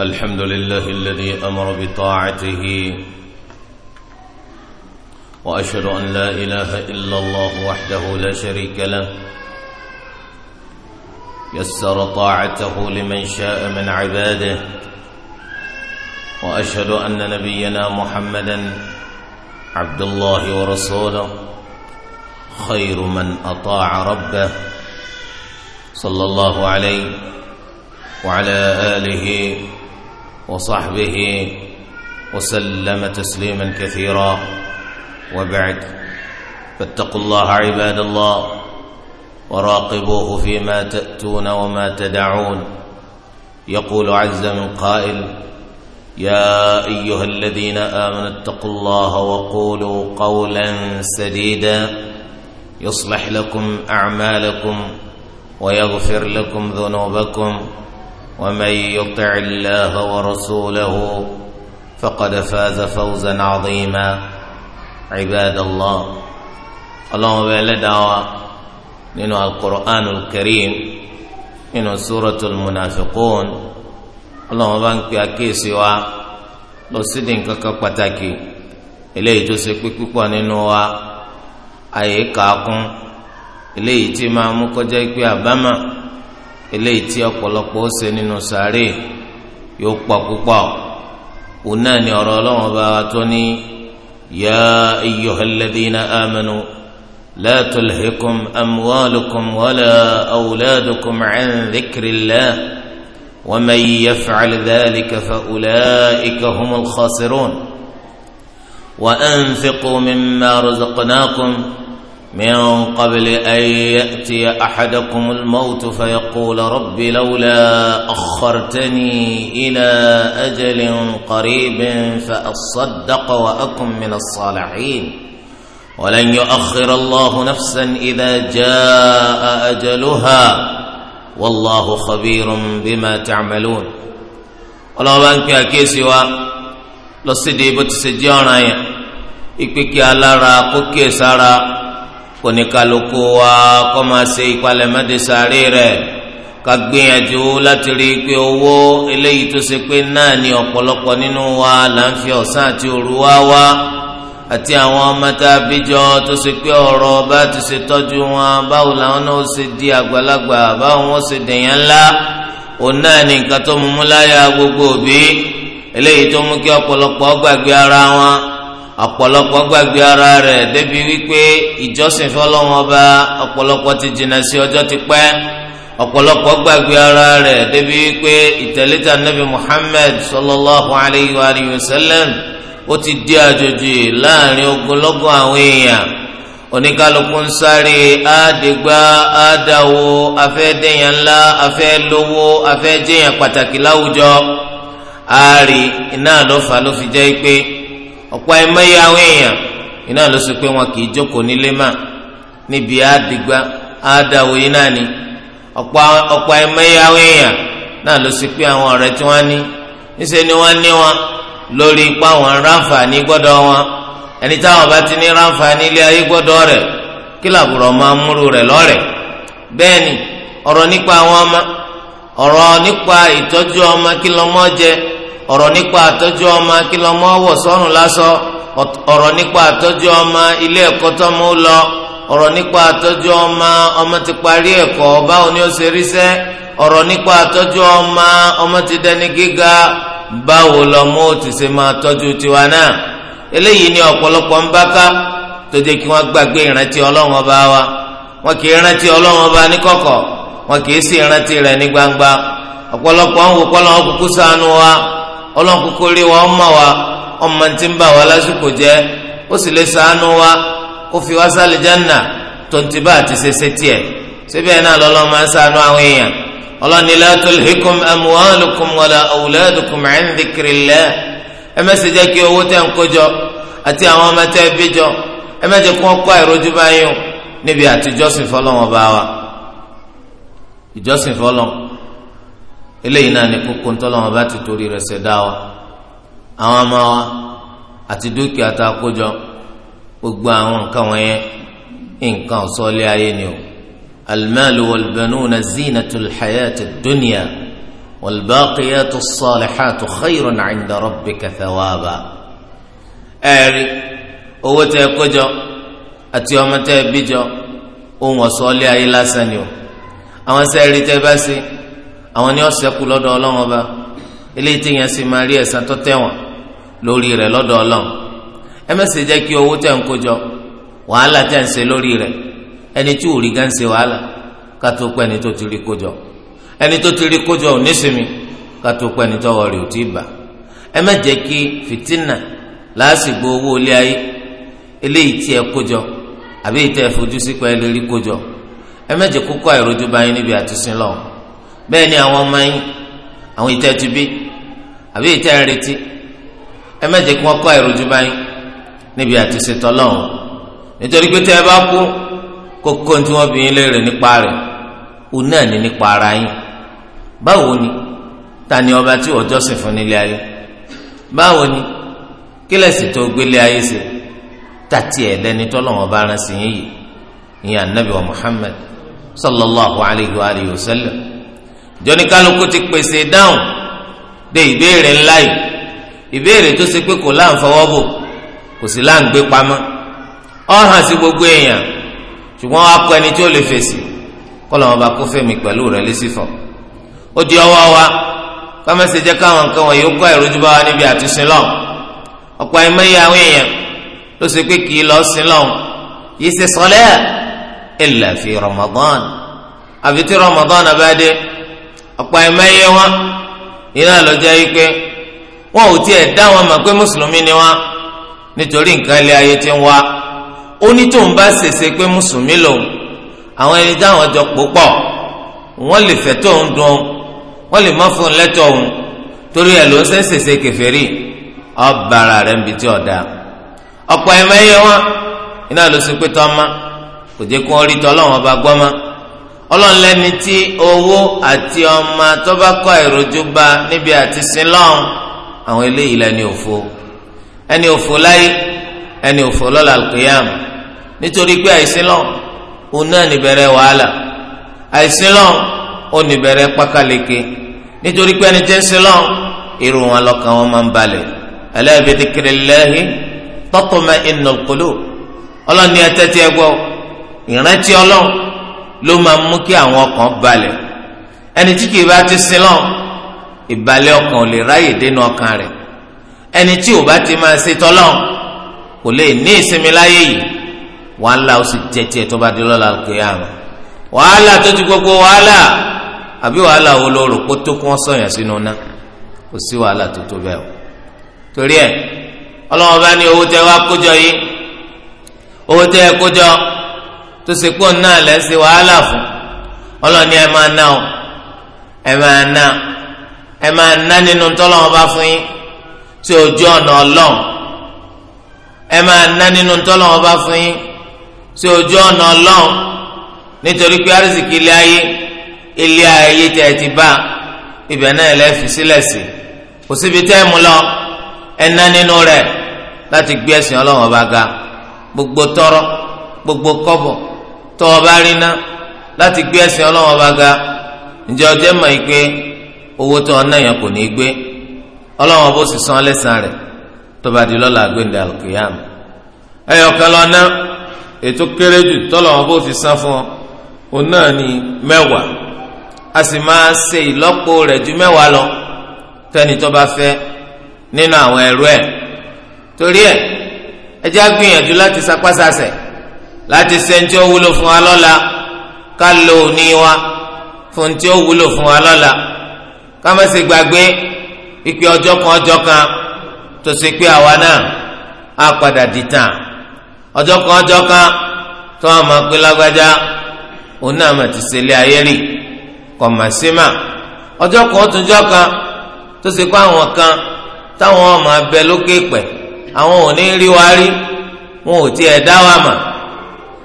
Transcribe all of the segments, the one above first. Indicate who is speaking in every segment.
Speaker 1: الحمد لله الذي أمر بطاعته وأشهد أن لا إله إلا الله وحده لا شريك له يسر طاعته لمن شاء من عباده وأشهد أن نبينا محمدا عبد الله ورسوله خير من أطاع ربه صلى الله عليه وعلى آله وصحبه وسلم تسليما كثيرا وبعد فاتقوا الله عباد الله وراقبوه فيما تأتون وما تدعون يقول عز من قائل يا أيها الذين آمنوا اتقوا الله وقولوا قولا سديدا يصلح لكم أعمالكم ويغفر لكم ذنوبكم ومن يطع الله ورسوله فقد فاز فوزا عظيما عباد الله اللهم بلد من القرآن الكريم من سورة المنافقون اللهم بانك أكيسي و لسدين ككبتاكي إليه تسيكي كوكوان نوا أي كاكم إليه تمامك جايكي أباما eléyìí tí ọ̀pọ̀lọpọ̀ ó ṣe nínú sáré yóò pọ̀ púpọ̀ òun náà ni ọ̀rọ̀ ọlọ́wọ́n bá wa tó ní yá ayyuhalladhina amanu la tulhikum amwalukum wala awladukum an dhikrillah wa man yaf'al kẹfà òlẹ́ ulaika humul khasirun wa anfiqu mimma razaqnakum. من قبل أن يأتي أحدكم الموت فيقول رب لولا أخرتني إلى أجل قريب فأصدق وأكن من الصالحين ولن يؤخر الله نفسا إذا جاء أجلها والله خبير بما تعملون ولا بانك أكي سوى لصدي wa lọ sídìí على راقك سارا oníkàlùkù wa kọ́ máa ṣe ìpalẹ̀mọ́dé sàárè rẹ̀ ká gbìyànjú láti rí i pé owó eléyìí tó ṣe pé náà ni ọ̀pọ̀lọpọ̀ nínú wa là ń fi ọ̀sán àti òru wá wá àti àwọn ọmọ tá a bíjọ tó ṣe pé ọ̀rọ̀ bá ti ṣe tọ́jú wọn báwo làwọn náà ṣe di àgbàlagbà báwo wọn ṣe dèèyàn ńlá òun náà ní nǹkan tó mú mú láyà gbogbo òbí eléyìí tó mú kí ọ̀pọ̀lọpọ̀ gbàgbé ara wọn ọ̀pọ̀lọpọ̀ gbàgbé ara rẹ̀ débi wípé ìjọsìn fọlọ́wọn ọba ọ̀pọ̀lọpọ̀ ti jìnnà sí ọjọ́ ti pẹ́ ọ̀pọ̀lọpọ̀ gbàgbé ara rẹ̀ débi wípé ìtẹ̀lẹ́tà nabi Muhammad sallallahu alayhi wa alihi wa sallam ó ti di àjòjì láàrin ogunlọ́gọ̀ àwọn èèyàn oníkálukú ń sáré àdégbá àdáwó afẹ́dẹ́yàn ńlá afẹ́lówó afẹ́jẹ́yàn pàtàkì láwùjọ àárí iná àlọ́fà ló fi jẹ́ pé. ọ̀pọ̀ ẹ̀mẹ́yẹ àwọn èèyàn iná ló sọ pé wọn kì í jókòó nílé mà níbi àdìgbà àdàwòye náà ni ọ̀pọ̀ ẹ̀mẹ́yẹ àwọn èèyàn náà ló sọ pé àwọn ọ̀rẹ́ tí wọ́n ní níṣẹ́ ni wọ́n ní wọn lórí ipá wọn ráǹfààní gbọ́dọ̀ wọn ẹni táwọn bá ti ní ráǹfààní ilé ayé gbọ́dọ̀ rẹ̀ kí làbùrọ̀ ni ọ̀rọ̀ nípa ọ̀rọ̀ nípa àtọ́jú ọmọ kí lọ́mọ wọ̀ sọ́run lásọ ọ̀rọ̀ nípa àtọ́jú ọmọ ilé ẹ̀kọ́ tọ́mọ ó lọ ọ̀rọ̀ nípa àtọ́jú ọmọ ọmọ ti parí ẹ̀kọ́ báwo ni ó ṣe ríṣẹ́ ọ̀rọ̀ nípa àtọ́jú ọmọ ọmọ ti dẹni gíga báwo ó ti ṣe máa tọ́jú tiwa náà eléyìí ni ọ̀pọ̀lọpọ̀ ń bá ká tó jẹ́ kí wọ́n gbàgbé ìrántí ọlọ́run ọba wa wọn kì í ọlọ́run kúkú rí wa ọmọ wa ọmọ tí ń bà wá lásìkò jẹ́ ó sì lè sàánú wa kó fi wá sálẹ̀ jánà tonti bá àti ṣẹṣẹ tiẹ̀ síbẹ̀ náà lọ́lọ́run máa ń sàánú àwọn èèyàn ọlọ́run la tulhikum amwalukum wala awladukum an dhikrillah ẹ mẹ́sẹ̀ jẹ́ kí owó tẹ̀ ń kójọ àti àwọn ọmọ tẹ́ bí jọ ẹ mẹ́jẹ kó kó àìrójú báyìí níbi àtijọ́sìn fọlọ́wọ́n bá wa ìjọ́sìn fọlọ́wọ́n eléyìí náà ni kókó ntọ́lọ́wọ́n bá ti torí rẹ̀ ṣẹ̀dá wa àwọn ọmọ wa àti dúkìá tá a kó jọ gbogbo àwọn nǹkan wọ̀nyẹn nǹkan ọ̀sọ́lé ayé ni o almalu walbanuna zinatul hayati dunya walbaqiyatu salihatu khayrun 'inda rabbika thawaba ẹ̀rí owó tẹ́ kó àti ọmọ tẹ́ bí jọ ohun ọ̀sọ́lé ayé lásán ni o àwọn sẹ́ẹ̀rí tẹ́ bá sí àwọn ni ó ṣẹ́kù lọ́dọ̀ ọlọ́run ọba eléyìí tí yẹn sì máa rí ẹ̀san tó tẹ̀wọ̀n lórí rẹ̀ lọ́dọ̀ ọlọ́run ẹ má ṣe jẹ́ kí owó tẹ̀ ń kójọ wàhálà tẹ̀ ń ṣe lórí rẹ̀ ẹni tí ò rí gan ṣe wàhálà ká tó pẹ́ ẹni tó ti rí kójọ ẹni tó ti rí kójọ ò nísìmí ká tó pẹ́ ẹni tọ́wọ́ rẹ̀ ò tí ì bà ẹ má jẹ́ kí fìtínà láàsìgbò owó ilé ayé eléyìí tí ẹ kójọ àbí ìtẹ́ fojú sí ẹ lè rí kójọ ẹ má jẹ́ kókó àìrójú báyìí níbi àtúnṣe lọ́wọ́ bẹ́ẹ̀ ni àwọn ọmọ yín àwọn ìtẹ́ ti bí àbí ìtẹ́ retí ẹ má jẹ́ kí wọ́n kọ́ ìrojú báyìí níbi àti ṣètò ọlọ́run nítorí pé tẹ́ ẹ bá kú kókó tí wọ́n bí yín léèrè nípa rẹ̀ òun náà ní nípa ara yín báwo ni ta ni ọba tí wọ́n jọ́sìn fún nílé ayé báwo ni kílẹ̀sì tó gbélé ayé ṣe tàti ẹ̀dẹ́ni tọ́lọ́wọ́n bá rán sí yín yìí ìyẹn anabi wa Muhammad sallallahu alayhi wa sallam
Speaker 2: jọni kálukú ti
Speaker 1: pèsè dáhùn de ìbéèrè ńlá yìí ìbéèrè tó ṣe pé kò láǹfọwọ́bò kò sí láǹgbé pamọ́ ọ hàn sí gbogbo èèyàn ṣùgbọ́n wàá kọ ẹni tí ó lè fèsì kọ́ làwọn bá kó fẹ́mi pẹ̀lú rẹ̀ lẹ́sìfọ̀ ó di ọwọ́ wa kámẹ́sì jẹ́ káwọn nǹkan wọ̀nyí ó kọ́ ìrójú bá wa níbi àtúnṣe lọ́hùn ọ̀pọ̀ ẹ̀mẹ́yẹ àwọn èèyàn ló ṣe pé kì í lọ sí lọ́hùn yìí ṣe sọlẹ́ illa fi Ramadan àfi tí Ramadan abẹ́dẹ́ ọ̀pọ̀ ẹ̀mẹ́yẹ wọn iná lọ́jọ́ yìí pé wọn ò tiẹ̀ dá wọn mọ̀ pé mùsùlùmí ni wọn nítorí nǹkan ilé ayé ti ń wá ó ní tóun bá ṣèṣe pé mùsùlùmí lòun àwọn ẹni táwọn jọ pòpọ̀ wọn lè fẹ́ tóun dùn wọn lè má fún un lẹ́tọ̀ọ́ òun torí ẹ̀ ló ń ṣe ṣèṣe kèfèrí ọba ara rẹ̀ ń bi tí ọ̀dà ọ̀pọ̀ ẹ̀mẹ́yẹ wọn iná ló pé tọ́ ma ọlọ́run lẹ́ni tí owó àti ọmọ tó bá kọ́ ìrojú bá níbi àti sinlọ́n àwọn eléyìí lẹ́ni òfo ẹni òfo láyé ẹni òfo lọ́la alqiyam nítorí pé àìsínlọ́n òun náà níbẹ̀rẹ̀ wàhálà àìsínlọ́n ó níbẹ̀rẹ̀ pákáleke nítorí pé ẹni jẹ́ sinlọ́n irú wọn lọ́kàn wọn máa ń balẹ̀ ala bi dhikrillahi tatma'innul qulub ọlọ́run ni ẹ tẹ́tí ẹ gbọ́ ìrántí ló máa mú kí àwọn ọkàn balẹ̀ ẹni tí kì í bá ti sin lọ́n ìbalẹ̀ ọkàn ò lè ráyè dénú ọkàn rẹ̀ ẹni tí ò bá ti máa ṣe tọ́lọ́n kò lè ní ìsinmi láyé yìí wàhálà ó sì jẹjẹ tó bá di lọ́la al-qiyāmah wàhálà tó ti gbogbo wàhálà àbí wàhálà wo ló rò pé tó kún ọ́ sọ̀yàn sínú ná kò sí wàhálà tó tó bẹ́ẹ̀ o torí ẹ̀ ọlọ́wọ́n bá ní owó tẹ wá kójọ yìí owó tẹ ẹ kójọ tó ṣe pé òun náà lẹ́ ṣe wàhálà fún ọlọ́ni ẹ máa ná o ẹ máa ná ẹ máa ná nínú tọ́lọ́wọ́n bá fún yín tí ojú ọ̀nà ọlọ́run ẹ máa ná nínú tọ́lọ́wọ́n bá fún yín tí ojú ọ̀nà ọlọ́run nítorí pé àrísìkí ilé ayé ilé ayé tẹ̀ ti bá ibẹ̀ náà lẹ́ fi sílẹ̀ sí kò síbi tẹ́ ẹ mú lọ ẹ ná nínú rẹ̀ láti gbé ẹ̀sìn ọlọ́run ọba ga gbogbo tọrọ gbogbo kọ́bọ̀ tó arịna lati láti gbé ẹ̀sìn ga ǹjẹ́ ọjọ́ mọ̀ yìí pé owó tó ọ̀nà yẹn kò ní gbé san lẹ́sàn rẹ̀ tó bá di lọ́la gbẹ̀ndẹ̀ alùkìyàm lọ lọ́nà ètò kéré jù tọ́lọ́run bó fi san fún ọ òun a sì máa ṣe ìlọ́po rẹ̀ ju mẹ́wàá lọ tó bá fẹ́ nínú àwọn ẹrú ẹ̀ torí ẹ̀ ẹ jẹ́ láti ṣe tí wúlò fún wa lọ́la ká lo òní wa fún tí ó wúlò fún wa lọ́la ká má ṣe gbàgbé ìpè ọjọ́ kan ọjọ́ kan tó ṣe pé àwa náà á padà di tàn ọjọ́ kan ọjọ́ kan tó wà máa pé lágbájá òun náà mà ti ṣe ayé rì kò mà sí mà ọjọ́ kan ó tún jọ́ kan tó ṣe pé àwọn kan táwọn ọmọ abẹ lókè pẹ̀ àwọn ò ní rí wa rí wọn ò tiẹ̀ dá wa mà.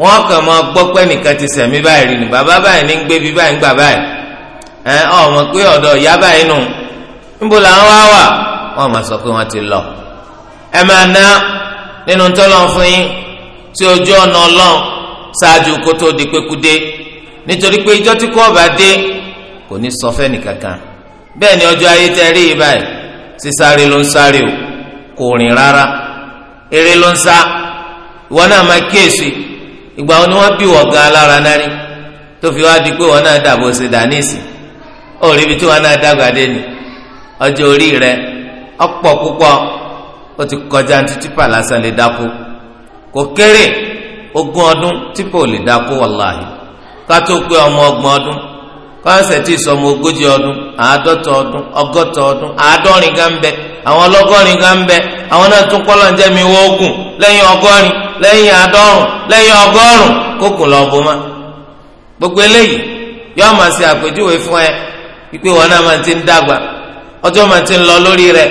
Speaker 1: wọn kàn máa gbọ́ nìkan ti sẹ̀mí báyìí rí ni bàbá báyìí ní gbé bí báyìí ń gbà báyìí ẹ ọmọ pé ọ̀dọ̀ ìyá báyìí nù níbo làwọn wá wà wọn máa sọ pé wọn ti lọ ẹ máa ná nínú tọ́lọ̀ fún yín tí ojú ọ̀nà ọlọ́run ṣáájú kó tó di pékú nítorí pé ìjọ tí kò bá dé kò ní sọ fẹ́ nìkankan bẹ́ẹ̀ ni ọjọ́ ayé tẹ rí ló ń sáré o kò rìn rárá eré ló ń sá ìwọ náà máa kíyèsí igba wo ni wọ́n bí wọ́n gan alára náà tó fi wá di pé wọ́n náà dàbò ṣe dàníìsì ó rí ibi tí wọ́n náà dàgbà dé ni ọjọ́ orí ó ti kọjá ní tipa lásán lè dáko kò kéré ogún ọdún tipa lè dáko wàláhì ká tó ọmọ ọdún kọ́nsẹ̀ tí sọmọ ogójì ọdún àádọ́ta ọdún ọgọ́ta ọdún àádọ́rin gan bẹ àwọn ọlọ́gọ́rin gan bẹ àwọn náà tún kọ́ lọ́njẹ́ mi wọ́n ogun lẹ́yìn ọgọ́rin lẹ́yìn àádọ́rùn lẹ́yìn ọgọ́rùn kókò lọ́ọ́ bó ma. gbogbo eléyìí yóò máa ṣe àpèjúwe fún ẹ wípé wọn náà máa ti ń dàgbà ọjọ́ máa ti ń lọ lórí rẹ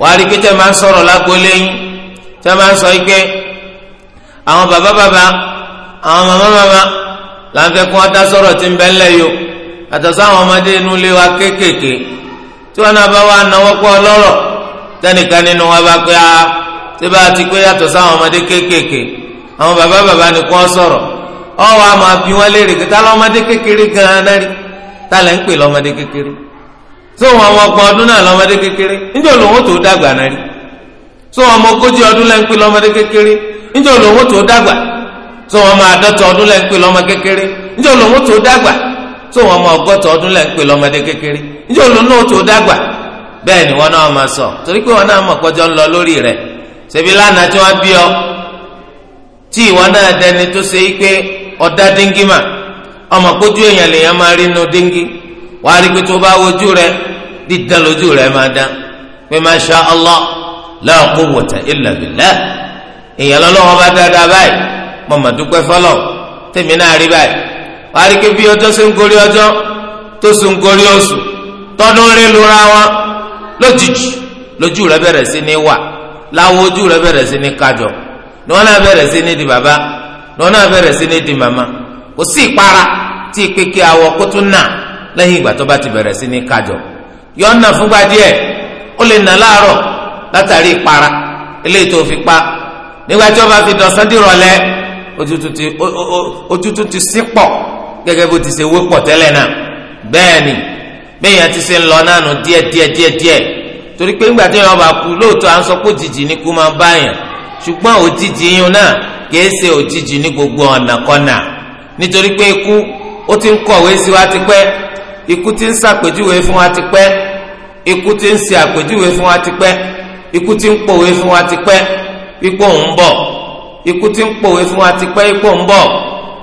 Speaker 1: wàá rí pé tẹ́ máa ń sọ̀rọ̀ lágbo lẹ́yìn tẹ́ máa ń sọ pé àwọn bàbá bàbá àwọn màmá màmá là ń sọ̀rọ̀ tí ń bẹ́ ńlẹ̀ yìí yàtọ̀ ọmọdé inú ilé wa kéékèèké tí wọn bá wà náwó pọ̀ lọ́rọ̀ tẹnìkan nínú wọn bá pé ah, tí bá ti pé yàtọ̀ ọmọdé kéékèèké àwọn bàbá bàbá nìkan sọ̀rọ̀ ọwọ́ a máa wọn léèrè kí kékeré gan-an ń pè lọ́mọdé kékeré tó wọn ọdún náà lọ́mọdé kékeré níjẹ́ olówó tó dàgbà tó wọn ogójì ọdún lẹ́ ń pè lọ́mọdé kékeré níjẹ́ olówó tó dàgbà tó wọn ọdún lẹ́ ń pè lọ́mọ kékeré níjẹ́ olówó tó tó wọn mọ ọgọ́ta ọdún lẹ́ ń pè lọ́mọdé kékeré níjẹ́ olóńgbò tó dàgbà bẹ́ẹ̀ ni wọn náà máa sọ torí pé wọn náà mọ̀ pọ́jọ́ ń lọ lórí rẹ̀ ṣebí lánàá tí wọ́n bí ọ tí ìwọ náà dẹni tó ṣe é pé ọ̀dá dengue mà ọmọ kójú èèyàn lèèyàn máa rí inú dengue wàá rí pé tó bá wojú rẹ dídán lójú rẹ máa dán pé masha Allah la quwwata illa billah èèyàn lọ́lọ́wọ́ bá dáadáa báyìí mọ̀mọ́dúpẹ́ fọlọ́ tèmi náà rí báyìí àríkè bí ọjọ́ ṣe ń gorí ọjọ́ tó sùn gorí oṣù tọdún rí lura wọn lójijì lójú rẹ bẹ̀rẹ̀ sí ní wà láwọn ojú rẹ bẹ̀rẹ̀ sí ní kájọ ni wọn náà bẹ̀rẹ̀ sí ní di bàbá ni wọn náà bẹ̀rẹ̀ sí ní di màmá kò sí ìpara tí ìpèkè àwọ̀ kó nà lẹ́yìn ìgbà tó bá ti bẹ̀rẹ̀ sí ní kájọ yọ fúngbà díẹ̀ ó lè nà láàárọ̀ látàrí ìpara gẹ́gẹ́ bó ti ṣe wé pọ̀ tẹ́lẹ̀ náà bẹ́ẹ̀ ni bẹ́ẹ̀ yẹn ti ṣe ń lọ náà nù díẹ̀ díẹ̀ díẹ̀ díẹ̀ torí pé ńgbà tí yẹn bá kú lóòótọ́ à ń sọ pé òjijì ni kú máa bá yẹn ṣùgbọ́n òjijì yín náà kìí ṣe òjijì ní gbogbo ọ̀nà kọ́nà nítorí pé ikú ó ti ń kọ̀wé sí wa tipẹ́ ikú ti ń ṣàpèjúwe fún wa tipẹ́ ikú ti ń ṣe àpèjúwe fún wa tipẹ́ ikú ti ń pòwe fún wa tipẹ́ ikú òun bọ̀ ikú ti ń pòwe fún wa tipẹ́ ikú òun bọ̀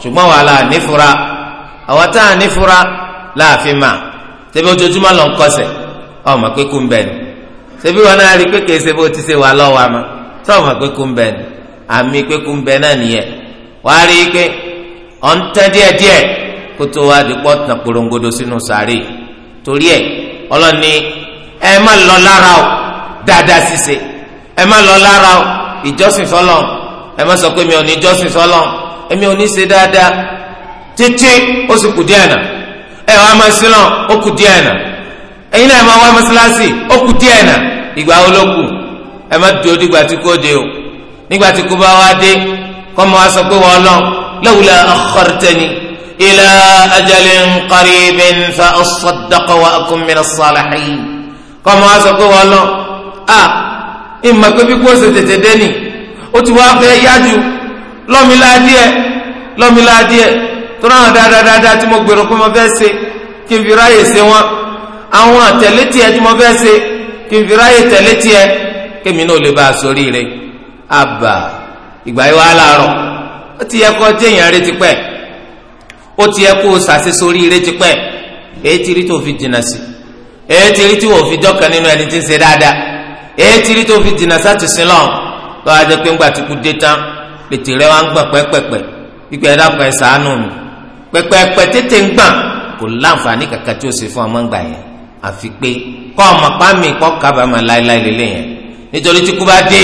Speaker 1: ṣùgbọ́n wàhálà nífura àwọn tá à ní fura láàfin ma tẹbi ojoojúmọ́ lọ ń kọsẹ̀ ọmọ pé kú ń bẹ ni tẹbi wọn náà rí pé kìí ṣe bó ti ṣe wà lọ́wọ́ àmọ́ tọ ọmọ pé kú ń bẹ ni àmì pé kú ń bẹ náà nìyẹn wàá rí i pé ọ̀ ń tẹ́ díẹ̀díẹ̀ kó tó wá di pọ́ tàn porongodo sínú sàárè torí ẹ̀ ọlọ́ni ẹ má lọ lára o dáadáa ṣiṣe ẹ má lọ lára o ìjọsìn sọlọ ẹ má sọ pé mi ò ní ìjọsìn sọlọ èmi ò ní ṣe dáadáa títí ó sì kù díẹ̀ nà ẹ wàá máa sí náà ó kù díẹ̀ nà ẹ̀yin náà ẹ máa wá mọ́sálásì ó kù díẹ̀ nà ìgbà wo ló kù ẹ má dúró dìgbà tí kò o nígbà tí kò bá wá dé kọ́ mọ́ wá sọ pé wọ́n lọ lawla akhartani ila ajalin fa asaddaqa wa akun minas salihin kọ́ mọ́ wá sọ pé wọ́n lọ a ìmọ̀ pé bí kò ṣe tètè dé ni ó ti wá fẹ́ yájú lọ́mìlá díẹ̀ lọ́mìlá tora náà dáadáa tí mo gbèrò pé mo fẹ́ ṣe kí n fi ráyè ṣe wọn àwọn àtẹ̀lé tiẹ̀ tí mo fẹ́ ṣe kí n fi ráyè tẹ̀lé tiẹ̀ náà lè sórí rẹ̀ àbà ìgbà yìí wà láàárọ̀ ó ti yẹ kó rẹ̀ tipẹ́ ó ti yẹ kó o sórí rẹ̀ tipẹ́ èyí ti rí tó fi jìnnà sí èyí ti rí tí wò fi nínú ẹni tí ń dáadáa èyí ti rí tó fi sátìsín pẹpẹpẹ tètè ń gbà kò láǹfààní kàkà tí ó ṣe fún ọmọ ń gbà yẹn àfi pé kọ́ ọmọ pàmì kọ́ kábàámà láéláé lélẹ̀ yẹn nítorí tí kú bá dé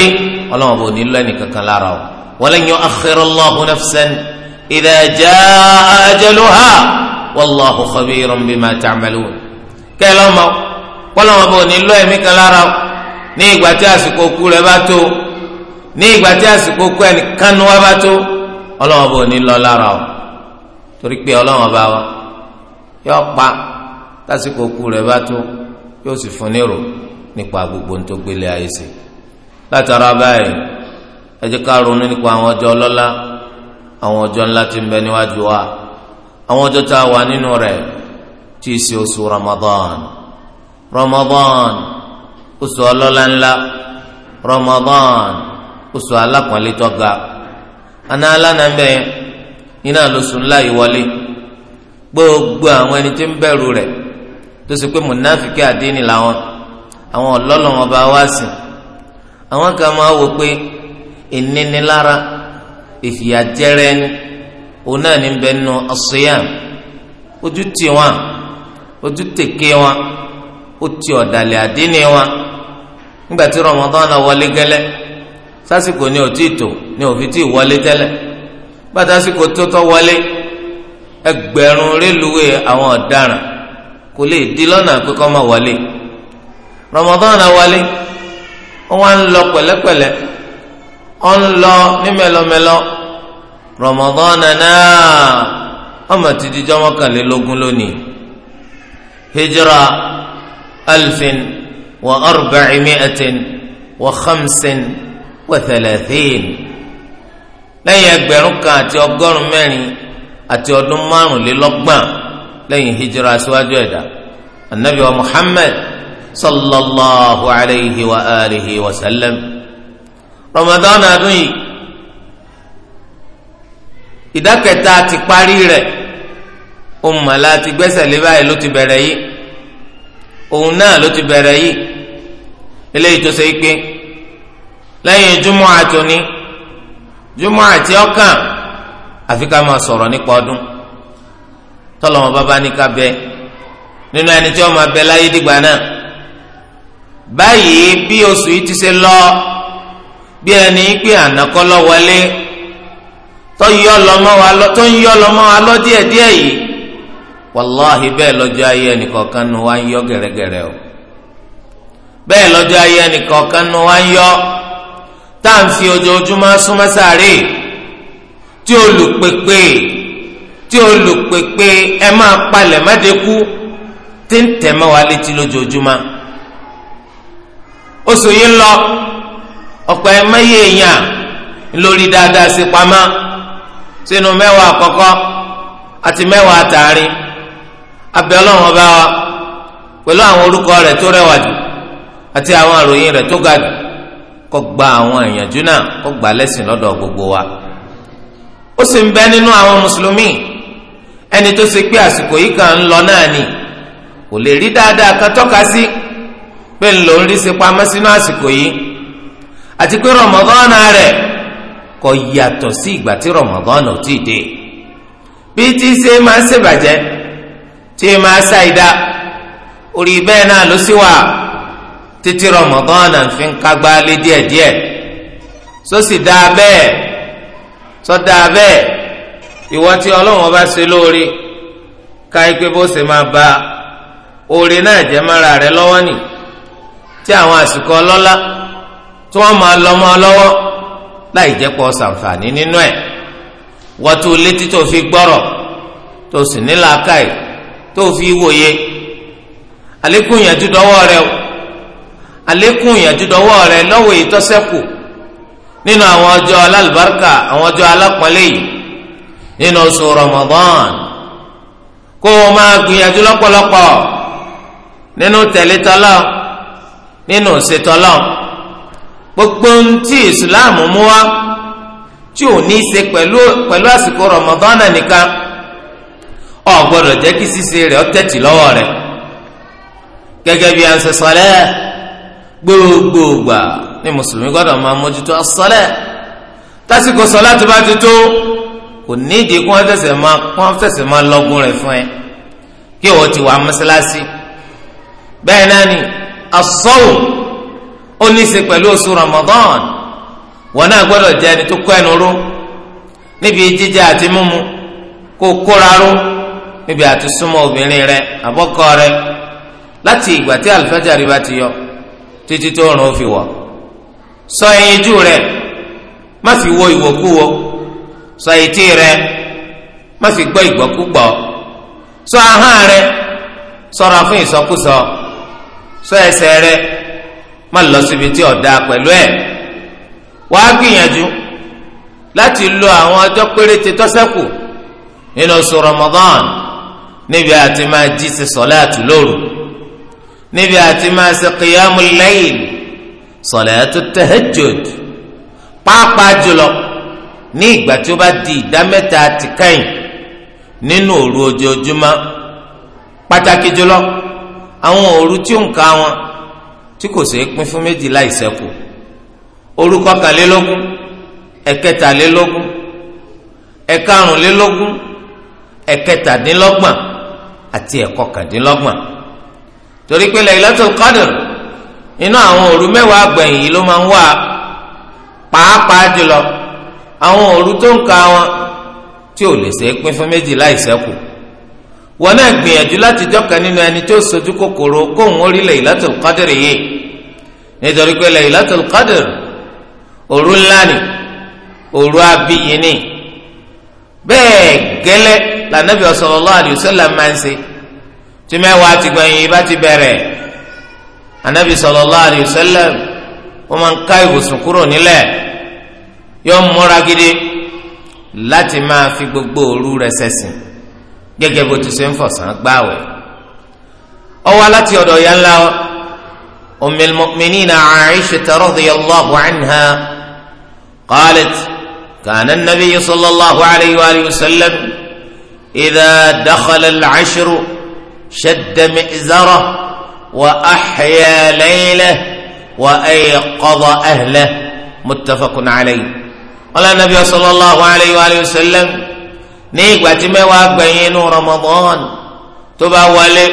Speaker 1: ọlọ́wọ́n bò ní lọ́ọ̀nì kankan lára o walan yu'akhkhira Allahu nafsan idha jaa ajaluha wallahu khabirun bima ta'malun kẹlọ́mọ kọ́lọ́wọ́n bò ní lọ́ọ̀mí kan lára o ní ìgbà tí àsìkò kú ní ìgbà tí àsìkò kú torí pé ọlọ́run ọba wa yóò pa lásìkò kú rẹ̀ bá tó yóò sì fún nírò nípa gbogbo ní tó gbélé ayé sí látara báyìí ẹ ká ronú nípa àwọn ọjọ́ ọlọ́lá àwọn ọjọ́ ńlá tí ń bẹ níwájú wa àwọn ọjọ́ tá a wà nínú rẹ̀ tí í ṣe oṣù Ramadan Ramadan oṣù ọlọ́lá ńlá Ramadan oṣù alákùnrin tó ga àná alánàmbẹ́yẹn. iná lóṣù ńlá wọlé gbogbo àwọn ẹni tí ń bẹ̀rù rẹ̀ tó ṣe pé mùnáfíkì àdínì làwọn àwọn ọlọ́lọ́ bá wá sí àwọn kan máa wò pé ìnínilára ìfìyàjẹrẹ ẹni òun náà ní bẹ nínú ọ̀sìyàm ojú tì wọn ojú tèké wọn ó ti ọ̀dàlẹ̀ àdínì wọn nígbà tí wọlé sásìkò ni ò tí ì gbàtàsíkò tó tọ́ wọlé ẹgbẹ̀rún rélùwé àwọn ọ̀daràn kò lè di lọ́nà pé kọ́ máa wọlé Ramadan wọlé wọ́n ń lọ pẹ̀lẹ́pẹ̀lẹ́ wọ́n ń lọ ní mẹ́lọmẹ́lọ Ramadan náà ọmọ ti di jọmọ kànlélógún lónìí hijra alfin wa arba'i mi'atin wa khamsin wa thalathin lẹ́yìn ẹgbẹ̀rún kan àti ọgọ́rùn mẹ́rin àti ọdún márùnlélọ́gbọ̀n lẹ́yìn hijira síwájú ẹ̀dá anabi wa muhammed sallallahu alayhi wa alihi wa sallam ramadan adún yìí ìdákẹ́ta ti parí rẹ̀ ọmọ láti gbẹ́sẹ̀ lé báyìí ló ti bẹ̀rẹ̀ yìí òun náà ló ti bẹ̀rẹ̀ yìí eléyìí tó ṣe é pé lẹ́yìn júmọ́ àtúní jùmọ̀ àti ọ̀kan àfi ká máa sọ̀rọ̀ nípa ọdún tọ́lọ́mọ bàbá ní ká bẹ nínú ẹni tí wọ́n máa bẹ láyé dìgbà náà báyìí bí oṣù yìí ti ṣe lọ bí ẹni pé ànákọ́lọ́ wọlé tó ń yọ lọ́mọ́ wa lọ díẹ̀díẹ̀ yìí wàláhì bẹ́ẹ̀ lọ́jọ́ ayé ẹnìkọ̀ọ̀kan nu wa ń yọ gẹ̀rẹ́gẹ̀rẹ́ o bẹ́ẹ̀ lọ́jọ́ ayé ẹnìkọ̀ọ̀kan nu wa ń yọ tá à ń fi ojoojúmọ́ súnmọ́ sáré tí olùpèpè tí olùpèpè ẹ máa palẹ̀ mọ́dẹ́kú tí ń tẹ̀mọ́ wa létí lójoojúmọ́ oṣù yìí ń lọ ọ̀pọ̀ ẹ mẹ́yẹ èèyàn lórí dáadáa sí pamọ́ sínú mẹ́wàá àkọ́kọ́ àti mẹ́wàá àtàrin abẹ́ ọlọ́run ọba wa pẹ̀lú àwọn orúkọ rẹ̀ tó rẹwà jù àti àwọn àròyìn rẹ̀ tó ga jù. Kọ gba àwọn ìyànjú náà kọ gba lẹ́sìn lọ́dọ̀ gbogbo wa ó sì ń bẹ nínú àwọn mùsùlùmí ẹni tó ṣe pé àsìkò yìí kan ń lọ náà ni kò lè rí dáadáa kan tọ́ka sí pé ńlò ń rí ṣe pamọ́ sínú àsìkò yìí àti pé rọmọdánà rẹ̀ kò yàtọ̀ sí ìgbà tí ò tí ì dé bí tí ṣe máa ṣèbàjẹ́ wà. títí rọmọdọ́nà fi ń kágbálé díẹ̀díẹ̀ sósì dáa bẹ́ẹ̀ sọ dáa bẹ́ẹ̀ ìwọ tí ọlọ́run ọba ṣe lóore ká ẹ bó ṣe máa ba oore náà jẹ́ mára rẹ lọ́wọ́ nì tí àwọn àsìkò ọlọ́lá tí wọ́n máa lọ́mọ lọ́wọ́ láì jẹ́ pọ̀ ṣàǹfààní nínú ẹ̀ wọ́n tó létí tó fi gbọ́rọ̀ tó sì ní làákàyè tó fi wòye àlékún yẹn tó dọ́wọ́ rẹ o àlékún ìyànjú dọwọ́ rẹ lọ́wọ́ ìtọ́sẹ́kù nínú àwọn ọjọ́ alálùbáríkà àwọn ọjọ́ alápọ̀nlé yìí nínú oṣù Ramadan kó o máa gbìyànjú lọ́pọ̀lọpọ̀ nínú tẹ̀lé tọ́lọ́ nínú ṣètọ́lọ́ gbogbo ń tí Islam mú wá tí ò ní í ṣe pẹ̀lú pẹ̀lú àsìkò Ramadan nìkan ò gbọ́dọ̀ jẹ́ kí ṣíṣe rẹ̀ ó tẹ̀tì lọ́wọ́ rẹ̀ gẹ́gẹ́ bí ansẹ́sọ́lẹ́ẹ̀ gbogbogbà ní mùsùlùmí gbọ́dọ̀ máa mójútó asọlẹ tásìkò sọlá tó bá ti tó kò nídìí kí wọn fẹsẹ̀ máa kí wọn fẹsẹ̀ máa fún ẹ kí wọn ti wà mọ́sálásí bẹ́ẹ̀ náà ni asọwò ó ní pẹ̀lú oṣù Ramadan wọn náà jẹ ẹni tó kọ ẹnu ró níbi jíjẹ àti mímu kó kóra ró níbi obìnrin rẹ yọ. títí tó rùn fi wọ̀ sọ ẹyinjú rẹ má fi wo ìwòkúwo sọ etí rẹ má fi gbọ́ ìgbọ́kúgbọ́ sọ ahọ́n rẹ ṣọ́ra fún ìsọkúsọ sọ ẹsẹ̀ rẹ má lọ síbi tí ọ̀dà pẹ̀lú ẹ̀ wàá gbìyànjú láti lo àwọn ọjọ́ péréte tọ́sẹ́kù nínú oṣù Ramadan níbi àti máa jí ṣe sọ́láàtù lóru níbi àti máa ṣe qiyamul layl salatu tahajjud pàápàá jùlọ ní ìgbà tí ó bá di ìdá mẹ́ta ti kẹ́yìn nínú òru ojoojúmọ́ pàtàkì jùlọ àwọn òru tí ó ń ka wọn tí kò ṣeé pín fún méjì láì ṣẹ́kù òru kọkànlélógún ẹ̀kẹtàlélógún ẹ̀karùnlélógún ẹ̀kẹtàdínlọ́gbọ̀n àti ẹ̀kọkàndínlọ́gbọ̀n torí pé Laylatul Qadr inú àwọn òru mẹ́wàá gbẹ̀yìn yìí ló máa ń wà pàápàá jùlọ àwọn òru tó ń ka wọn tí ò lè ṣe é pín fún méjì láì ṣẹ́kù wọn náà gbìyànjú láti jọ́ka nínú ẹni tó sojú kòkòrò kóhùn orí Laylatul Qadr yìí nítorí pé Laylatul Qadr òru ńlá ni òru abiyini bẹ́ẹ̀ gẹ́lẹ́ lànàbí sallallahu alaihi wasallam máa ń ṣe tí mẹ́wàá ti gbẹ̀yìn bá ti bẹ̀rẹ̀ anabi sallallahu alayhi wa sallam wọ́n máa ń ká ìbùsùn kúrò nílẹ̀ yóò múra gidi láti máa fi gbogbo òru rẹ̀ ṣẹ̀sìn gẹ́gẹ́ bó ti ṣe ń fọ̀sán gbáwẹ̀ ọwọ́ láti ọ̀dọ̀ ya ńlá ummul mu'minina Aisha radiyallahu anha شد مئزره وأحيا ليله وأيقظ أهله متفق عليه قال النبي صلى الله عليه وآله وسلم نيك ما وابين رمضان تبا ولي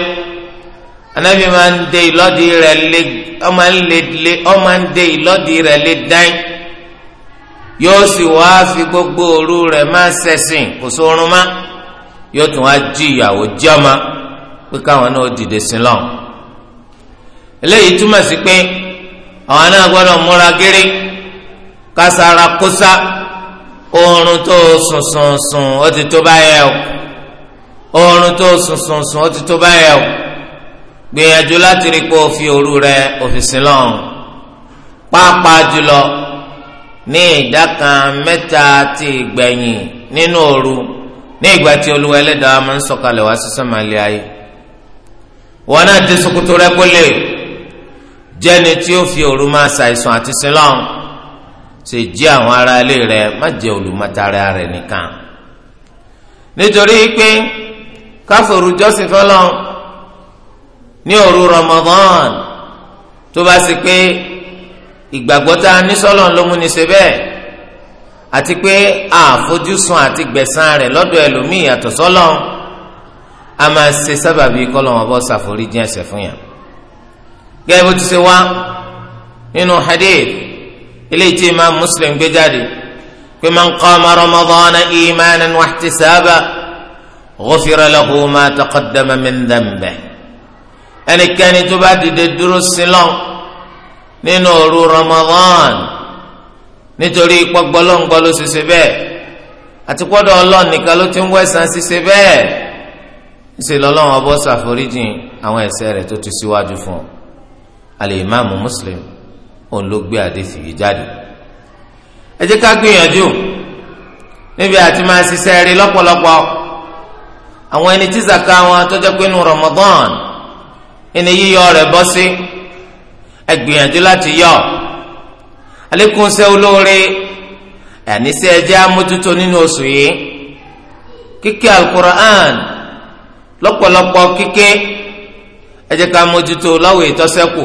Speaker 1: anabi máa ń de ìlọ́dì rẹ̀ lé ọ máa ń lè lé ọ máa ń de ìlọ́dì rẹ̀ lé dán yóò sì wá fi gbogbo òru rẹ̀ máa ṣẹ̀sìn kò sórun má yóò tún wá jí ìyàwó jẹ́ ọmọ pé káwọn náà dìde sí lọ eléyìí túmọ̀ sí pé àwọn náà gbọ́dọ̀ múra gírí kásara kósá oorun tó sùn sùn sùn ó ti tó báyẹ̀ o oorun tó sùn sùn sùn ó ti tó báyẹ̀ o gbìyànjú láti rí pé o fi òru rẹ òfìsí lọ́hùn pàápàá jùlọ ní ìdá kan mẹ́ta ti gbẹ̀yìn nínú òru ní ìgbà tí Olúwa ẹlẹ́dàá máa ń sọ̀kalẹ̀ wá sí ayé wọn náà dé sokoto rẹ kó lè jẹni tí ó fi òru máa ṣàìsàn àti sinlọ́n ṣe jí àwọn ará ilé rẹ má jẹ olùmọ̀tara rẹ nìkan nítorí pé káfòrú jọ́sìn fọlọ́n ní òru Ramadan tó bá sì pé ìgbàgbọ́ tá a ní sọ́lọ́n ló múni ṣe bẹ́ẹ̀ àti pé àfojúsùn àti gbẹ̀san rẹ̀ lọ́dọ̀ ẹlòmíì yàtọ̀ sọ́lọ́n a máa ṣe sábàbí kọ́lọ́wọ́n bọ́ ṣàforíjì ẹ̀ṣẹ̀ fún yàn. gẹ́gẹ́ bó ti ṣe wá nínú hadith eléyìí tí imaam muslim gbé jáde pé man qama ramadana imanan wahtisaba ghufira lahu ma taqaddama min dhanbihi. ẹnikẹ́ni tó bá dìde dúró sílọ̀n nínú òru ramadan nítorí pọ́gbọ́lọ́ngbọ́ ló ṣiṣẹ́ bẹ́ẹ̀ àti pọ́dọ̀ ọlọ́ọ̀nìkan ló ti ń wẹ̀sán ṣiṣẹ́ bẹ́ẹ̀ ṣe lọ́lọ́wọ́n ọbọ̀ ṣàforíjìn àwọn ẹ̀ṣẹ̀ rẹ̀ tó ti síwájú fún ọ al-Imam Muslim òun ló gbé àdéhùn yìí jáde. ẹ jẹ́ ká gbìyànjú níbi àti máa ṣiṣẹ́ rí lọ́pọ̀lọpọ̀ àwọn ẹni tí zaka wọn tó jẹ́ pé nu Ramadan ẹni yíyọ rẹ̀ bọ́ sí ẹ gbìyànjú láti yọ àlékún ṣe olóore àníṣe ẹjẹ́ amójútó nínú oṣù yìí kíké al-Qur'an lọ́pọ̀lọpọ̀ kíké ẹ jẹ́ ká mójútó láwọ ìtọ́sẹ́kù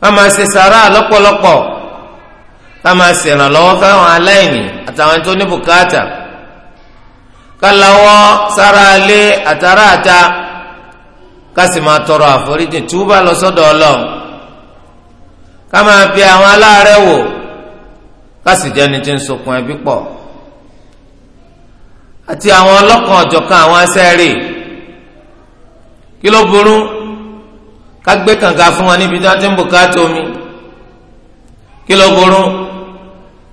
Speaker 1: ká máa ṣe sàrà lọ́pọ̀lọpọ̀ ká máa ṣèrànlọ́wọ́ fáwọn aláìní àtàwọn tó ní bùkátà ká lawọ́ sára lé àtàrà àta ká sì máa tọrọ àforíjì túbà lọ sọ́dọ̀ Ọlọ́run ká máa fi àwọn aláàárẹ̀ wò ká sì jẹ́ni tí ń sokùn ẹbí pọ̀ àti àwọn ọlọ́kan ọ̀jọ̀kan àwọn asẹ́rè kí ló burú ká gbé kànga fún wọn níbi tí wọ́n ti ń bùkátà omi kí ló burú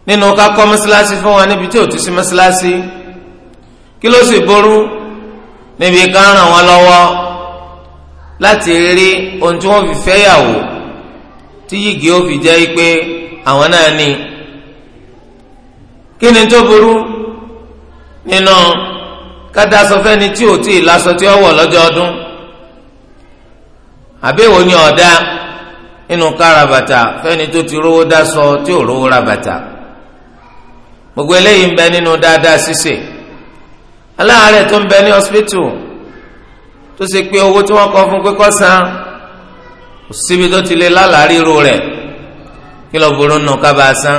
Speaker 1: nínú ká kọ́ mọ́sálásí fún wọn níbi tí ò ti sí mọ́sálásí kí ló sì burú níbi ká ràn wọ́n lọ́wọ́ láti rí ohun tí wọ́n fi fẹ́ yàwó tí yìgì ó fi jẹ́ pé àwọn náà ní kí ni tó burú. nínú kádà aṣọ fẹ́ni tí ò tí ì láṣọ tí ó wọ̀ lọ́jọ́ ọdún àbẹ̀wò ni ọ̀dá nínú kára bàtà fẹ́ni tó ti rówó dáṣọ tí ò rówó ra bàtà gbogbo eléyìí ń bẹ nínú dáadáa ṣíṣe aláàárẹ̀ tó ń bẹ ní hospital tó ṣe pé owó tí wọ́n kọ́ fún pé kó san síbi tó ti lè lálàárírò rẹ̀ kí lọ́ọ́ burú nù ká bá a san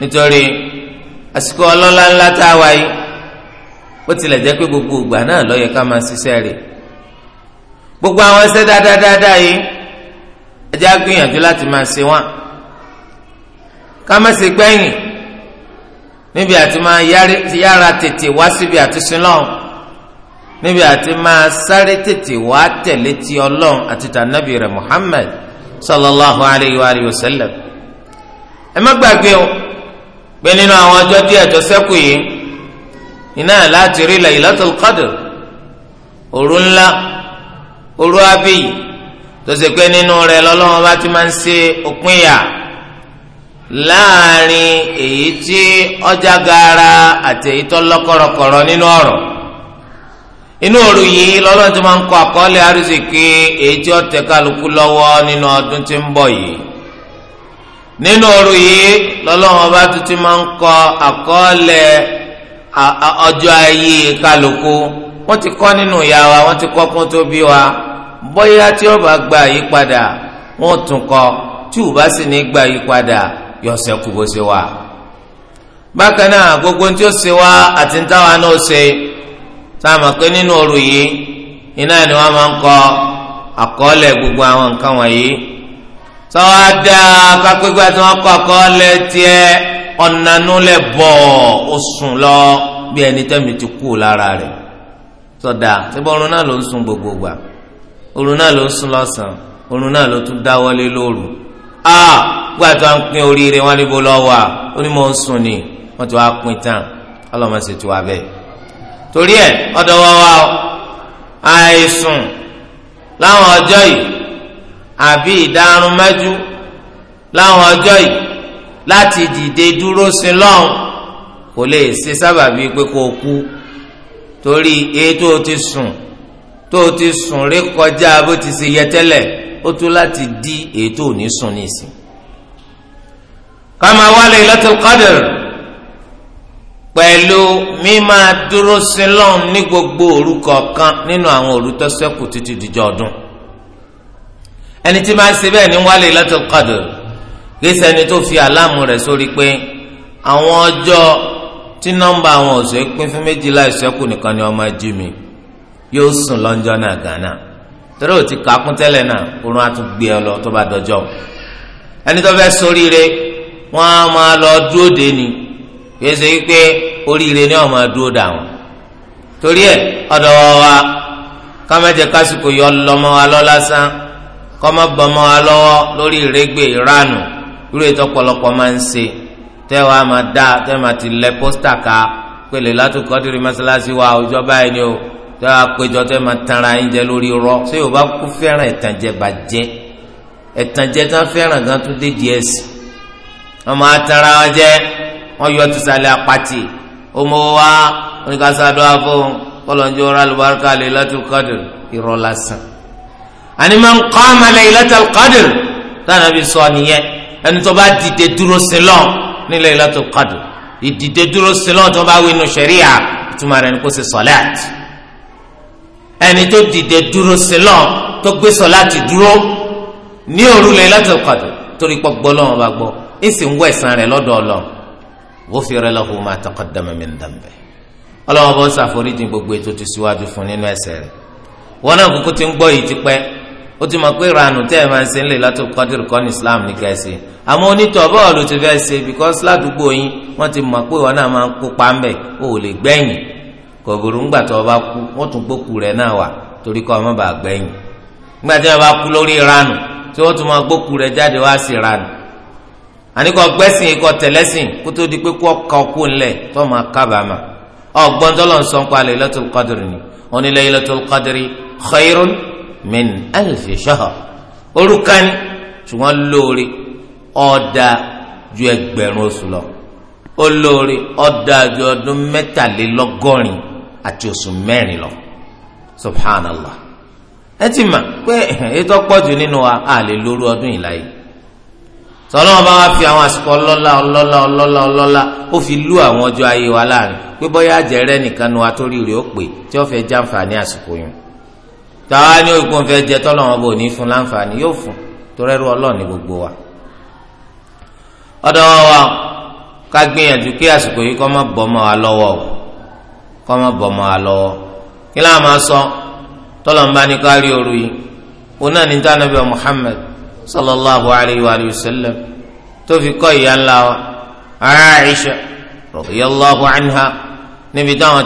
Speaker 1: nítorí. àsìkò ọlọ́lá ńlá tá a wá yìí ó tilẹ̀ jẹ́ pé gbogbo ìgbà náà ló yẹ ká máa ṣiṣẹ́ rẹ̀ gbogbo àwọn ẹsẹ̀ dáadáa yìí ẹ jẹ́ á gbìyànjú láti máa ṣe wọ́n ká má ṣe gbẹ̀yìn níbi àti máa yára tètè wá síbi àti sinlọ́ọ̀ níbi àti máa sáré tètè wá tẹ̀lé ti ọlọ́run àti tànàbì rẹ̀ Muhammad sallallahu alayhi wa sallam ẹ má gbàgbé o pé nínú àwọn ọjọ́ díẹ̀ tó ṣẹ́kù yìí iná láti rí Laylatul Qadr òru ńlá òru abiyì tó ṣe pé nínú rẹ̀ lọ́lọ́wọ́n bá ti máa ń ṣe òpin yà láàrin èyí tí ọjà gaara àti èyí tó lọ́kọ̀rọ̀kọ̀rọ̀ nínú ọ̀rọ̀ inú òru yìí lọ́lọ́run ti máa ń kọ àkọọ́lẹ̀ àrísìkí èyí tí ó tẹ̀ kálukú lọ́wọ́ nínú ọdún tí ń bọ̀ yìí. nínú òru yìí lọ́lọ́wọ́n bá tuntun máa ń kọ àkọọ́lẹ̀ ọjọ́ ayé kálukú wọ́n ti kọ́ nínú ìyá wa wọ́n ti kọ́ kún tó bí wa bóyá tí ó bá gba àyípadà wọ́n tún kọ tí ò bá sì ní gba àyípadà yọ̀ọ̀sẹ̀ kú bó ṣe wà. bákan náà gbogbo tí ó ṣe wá àti ń táwa náà ṣe tá a mọ̀ pé nínú òru yìí iná ni wọ́n máa ń kọ àkọọ́lẹ̀ gbogbo àwọn nǹkan wọ̀nyí. sọ́wádà kápẹ́gbà tí wọ́n kọ́ ọkọ lẹ tiẹ̀ ọ̀nànú lẹ bọ̀ ó sùn lọ bí ẹni tẹ́mi ti kú lára rẹ̀ sọ́dà síbọ̀ oorun náà ló ń sùn gbogbo gbà oorun náà ló ń sùn lọ́sàn-án oorun náà ló tún dáwọ́lé lóru a gbà tí wọ́n pín oríire wọn níbo lọ wà ó ní mò ń sùn ni wọ́n ti wá pín tán ọlọ́mọ sì ti wá bẹ́ẹ̀ torí ẹ̀ ọ̀dọ̀ wọ́n wá àìsùn láwọn ọjọ́ yìí àbí ìdarun mẹ́jú láwọn ọjọ́ yìí láti dìde dúró sin lọ́hùn kò lè ṣe sábàbí pé kó o kú torí èyí e tó o ti sùn tó o ti sùn rí kọjá bó ti ṣe yẹ tẹ́lẹ̀ ó tó láti di èyí e tó o ní sùn nísìn. ká máa wá Laylatul Qadr pẹ̀lú mímá dúró sin lọ́hùn ní gbogbo òru kọ̀ọ̀kan nínú àwọn òru tó ṣẹ́kù títí dìjọ́ ọdún ẹni tí máa ń ṣe bẹ́ẹ̀ ní wálé Lailatul Qadr gbèsè ẹni tó fi àlámù rẹ̀ sórí pé àwọn ọjọ́ tí nọ́mbà àwọn ọ̀sẹ̀ pín fún méjì láìsẹ́kù nìkan ni wọ́n máa jí mi yóò sùn lọ́njọ́ náà gánà torí ò ti kà á kún tẹ́lẹ̀ náà oorun á tún gbé ọ lọ tó bá dọjọ́ ẹni tó fẹ́ ṣoríire wọ́n á máa lọ dúró dé ni yóò ṣe wípé oríire ni wọ́n máa dúró dà wọ́n torí ẹ̀ ọ̀dọ̀ wa ká kásìkò yọ lọ́mọ wa lọ lásán kọ́mọ́ bọ́mọ́ wa lọ́wọ́ lórí ìrẹ́gbẹ̀ ìranù irú ètò ọ̀pọ̀lọpọ̀ máa ń ṣe tẹ́ wa máa dá tẹ́ máa ti lẹ pósítà ká pèlè látòkọ́ dìrì mọ́sálásí wa ọjọ́ báyìí ni o tẹ́ wa péjọ tẹ́ máa tanra yín jẹ lórí rọ ṣé o bá kú fẹ́ràn ẹ̀tànjẹ bàjẹ́ ẹ̀tànjẹ tán fẹ́ràn gan tó dé díẹ̀ sí wọ́n máa tanra wọn jẹ́ wọ́n yọ tìsàlẹ̀ apàtì ọmọ wa oníkàsá dọ́ àfọ̀ kọ́lọ́njọ́ rálùbáríkà lè látòkọ́ dìrì ìrọ̀ lásán àní man qama laylatal qadr táwọn ẹbí sọ nìyẹn ẹni tó bá dìde dúró sílọ ní laylatul qadr ìdìde dúró sílọ tó bá wí nu sẹríà ìtumọ̀ rẹ̀ ni kò ṣe sọláàtì ẹni tó dìde dúró sílọ tó gbé sọláàtì dúró ní òru laylatul qadr torí pọ̀ gbọ́ lọ́wọ́ bá gbọ́ ìsì ń wọ ẹ̀san rẹ̀ lọ́dọ̀ Ọlọ́run ghufira lahu ma taqaddama min dhanbi Ọlọ́run bá ṣàforíjì gbogbo ètò ti síwájú fún nínú ẹ̀ṣẹ̀ rẹ̀ wọn náà kúkú ti ń gbọ́ ti pẹ́ ó ti mọ̀ pé ranù tẹ́ ẹ máa ń ṣe nílẹ̀ látò kọ́dìrì kọ́ ní islam ní kẹ́sì àmọ́ onítọ̀ bọ́ọ̀lù ti fẹ́ ṣe because ládùúgbò yín wọ́n ti mọ̀ pé wọn náà máa ń kópa ń bẹ̀ ó lè gbẹ̀yìn kò burú ńgbà tó o bá kú wọ́n tún gbókù rẹ̀ náà wà torí kọ́ ọmọ bá gbẹ̀yìn ńgbà tí wọ́n bá kú lórí ranù tí wọ́n tún máa gbókù rẹ̀ jáde wá sí ranù àníkọ́ gbẹ́sìn ikọ̀ tẹ̀lẹ́sìn min alfi shahr òrùka ni ṣùgbọ́n lóore ọ̀dà ju ẹgbẹ̀rún oṣù lọ ó lóore ọ̀dà ju ọdún mẹ́tàlélọ́gọ́rin àti oṣù mẹ́rin lọ subhanallah ẹ ti mà pé ètò pọ̀jù nínú wa a lè lóru ọdún yìí láyé sọlọ́wọ́n bá wá fi àwọn àsìkò ọlọ́lá ọlọ́lá ọlọ́lá ọlọ́lá ó fi lú àwọn ọjọ́ ayé wa láàrin pé bóyá àjẹrẹ́ nìkan nu wa torí rẹ̀ ó pè tí ó fẹ́ jàǹfààní àsìkò yẹn táwa ní òògùn fẹ́ jẹ tọ́lọ́wọ́n bò ní fún láǹfààní yóò fún torí ẹrú ọlọ́ọ̀ gbogbo wa. ọdọ wa ká gbìyànjú kí àsìkò yìí kọ́ má bọ́ mọ́ wa lọ́wọ́ kọ́ bọ́ mọ́ wa lọ́wọ́ kí láà máa sọ tọ́lọ́wọ́n bá ní ká rí òru yìí òun náà ní tánàbí sallallahu alayhi wa sallam tó fi kọ́ ìyá ńlá wa Aisha anha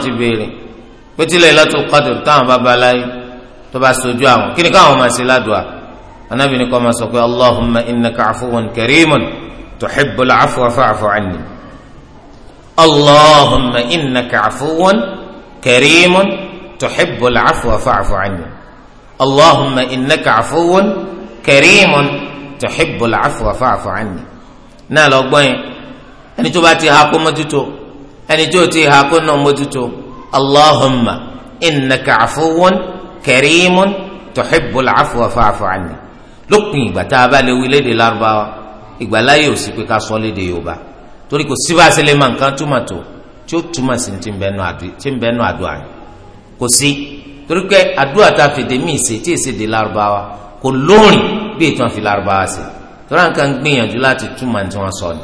Speaker 1: ti béèrè táwọn bá tó bá sojú àwọn kí ni káwọn máa ṣe ládùá anábì ní kó máa sọ pé allahumma innaka afuwan karimun tuhibbul afwa fa'fu anni allahumma innaka afuwan karimun tuhibbul afwa fa'fu anni allahumma innaka afuwan karimun tuhibbul afwa fa'fu anni náà lọ gbọ́n yẹn ẹni tó bá ti ha kó mójútó ẹni tó ti ha kó náà mójútó allahumma innaka afuwan karimun kẹrìmún tuhibbul afwa fa'fu anni lópin ìgbà tá a bá lè wí léde lárúbáwá ìgbà láyé ò sí pé ká sọ léde yorùbá torí kò síbá sílẹ̀ máa nǹkan túmọ̀ tó tí ó túmọ̀ sí ti ń bẹ́ẹ̀ nù àdúrà yìí kò sí torí pé àdúrà tá a fèdè míì ṣe tí èsì di lárúbáwá kò lóòrìn bí ètò àfi lárúbáwá ṣe torí à ń kàn gbìyànjú láti túmọ̀ tí wọ́n sọ ni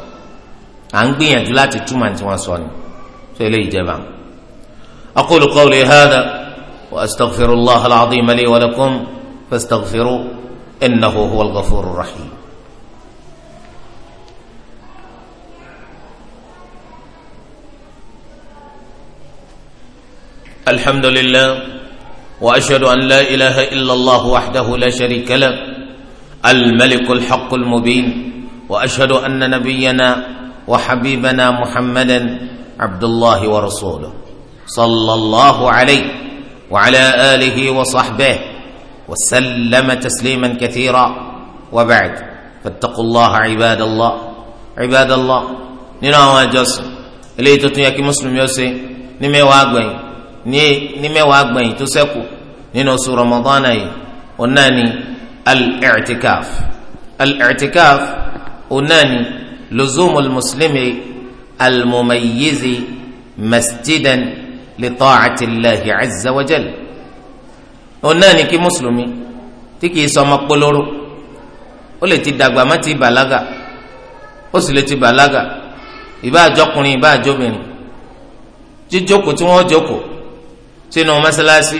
Speaker 1: à ń gbìyànjú láti túmọ̀ tí wọ́n sọ ni tó ilé ìjẹba. aqulu qawli hadha. واستغفر الله العظيم لي ولكم فاستغفروا انه هو الغفور الرحيم الحمد لله واشهد ان لا اله الا الله وحده لا شريك له الملك الحق المبين واشهد ان نبينا وحبيبنا محمدا عبد الله ورسوله صلى الله عليه وعلى اله وصحبه وسلم تسليما كثيرا وبعد فاتقوا الله عباد الله عباد الله نينا واجوس اللي تتنيا كي مسلم يوسي نمي واقبي نمي واقبي تسكو نينو سورة رمضان وناني الاعتكاف الاعتكاف وناني لزوم المسلم المميز مسجدا li ta'ati Allahi azza wa jal òun náà ní kí mùsùlùmí tí kìí sọmọ polóró ó lè ti dàgbà má ti bàlágà ó sì lè ti bàlágà ìbá àjọkùnrin ìbá àjọbìnrin jíjókòó tí wọ́n jókòó sínú mọ́sálásí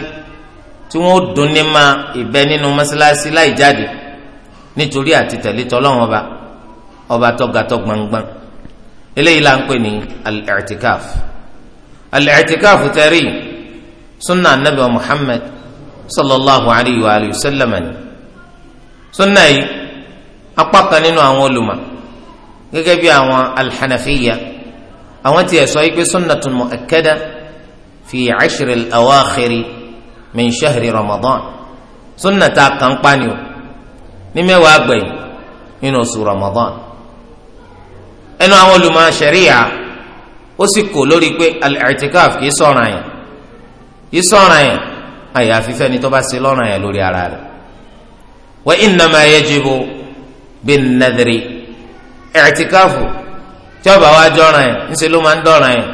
Speaker 1: tí wọ́n dùn ní ma ìbẹ́ nínú mọ́sálásí láì jáde nítorí àti tẹ̀lé tọ́lọ́wọ́n ọba ọba tọ́gatọ́ gbangban eléyìí là ń pè ní al al-i'tikafu tẹ̀rí sunna anabi wa muhammad sallallahu alayhi wa alihi wa sallam ni sunna yìí apá kan nínú àwọn olùmọ̀ gẹ́gẹ́ bí àwọn alhanafiya àwọn tiẹ̀ sọ yìí pé sunnatun mu'akkada fi ashri al-awakhiri min shahri ramadan sunna ta kan pani o ní mẹ́wàá gbẹ̀yìn nínú oṣù ramadan ẹnu àwọn olùmọ̀ sharia. ó sì kò lórí pé al kì í sọ̀ràn yẹn kì í sọ̀ràn yẹn àyàfi fẹ́ni tó bá lọ́ràn yẹn lórí ara rẹ̀ wa innama yajibu bin-nadri i'tikaf tí ọba wa jọ̀ràn yẹn ńṣe ló máa ń dọ̀ràn yẹn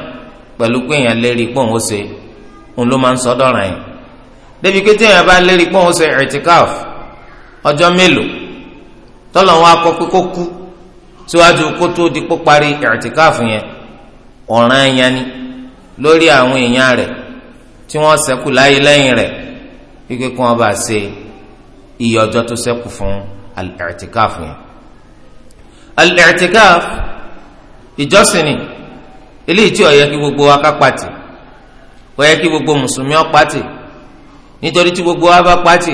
Speaker 1: pẹ̀lú pé èèyàn lérí òun ló máa ń sọ dọ̀ràn yẹn débi pé tí èèyàn bá lérí ọjọ́ mélòó wọn akọ pé kó kú síwájú kó tó ọ̀ràn yẹn ni lórí àwọn èèyàn rẹ̀ tí wọ́n ṣẹ́kù láyé lẹ́yìn rẹ̀ wípé kí wọ́n bá ṣe iye ọjọ́ tó ṣẹ́kù fún al-i'tikaf yẹn. al-i'tikaf ìjọsìn ni eléyìí tí ó yẹ kí gbogbo wa ká pàtì ó yẹ kí gbogbo mùsùlùmí ó pàtì nítorí tí gbogbo wa pàtì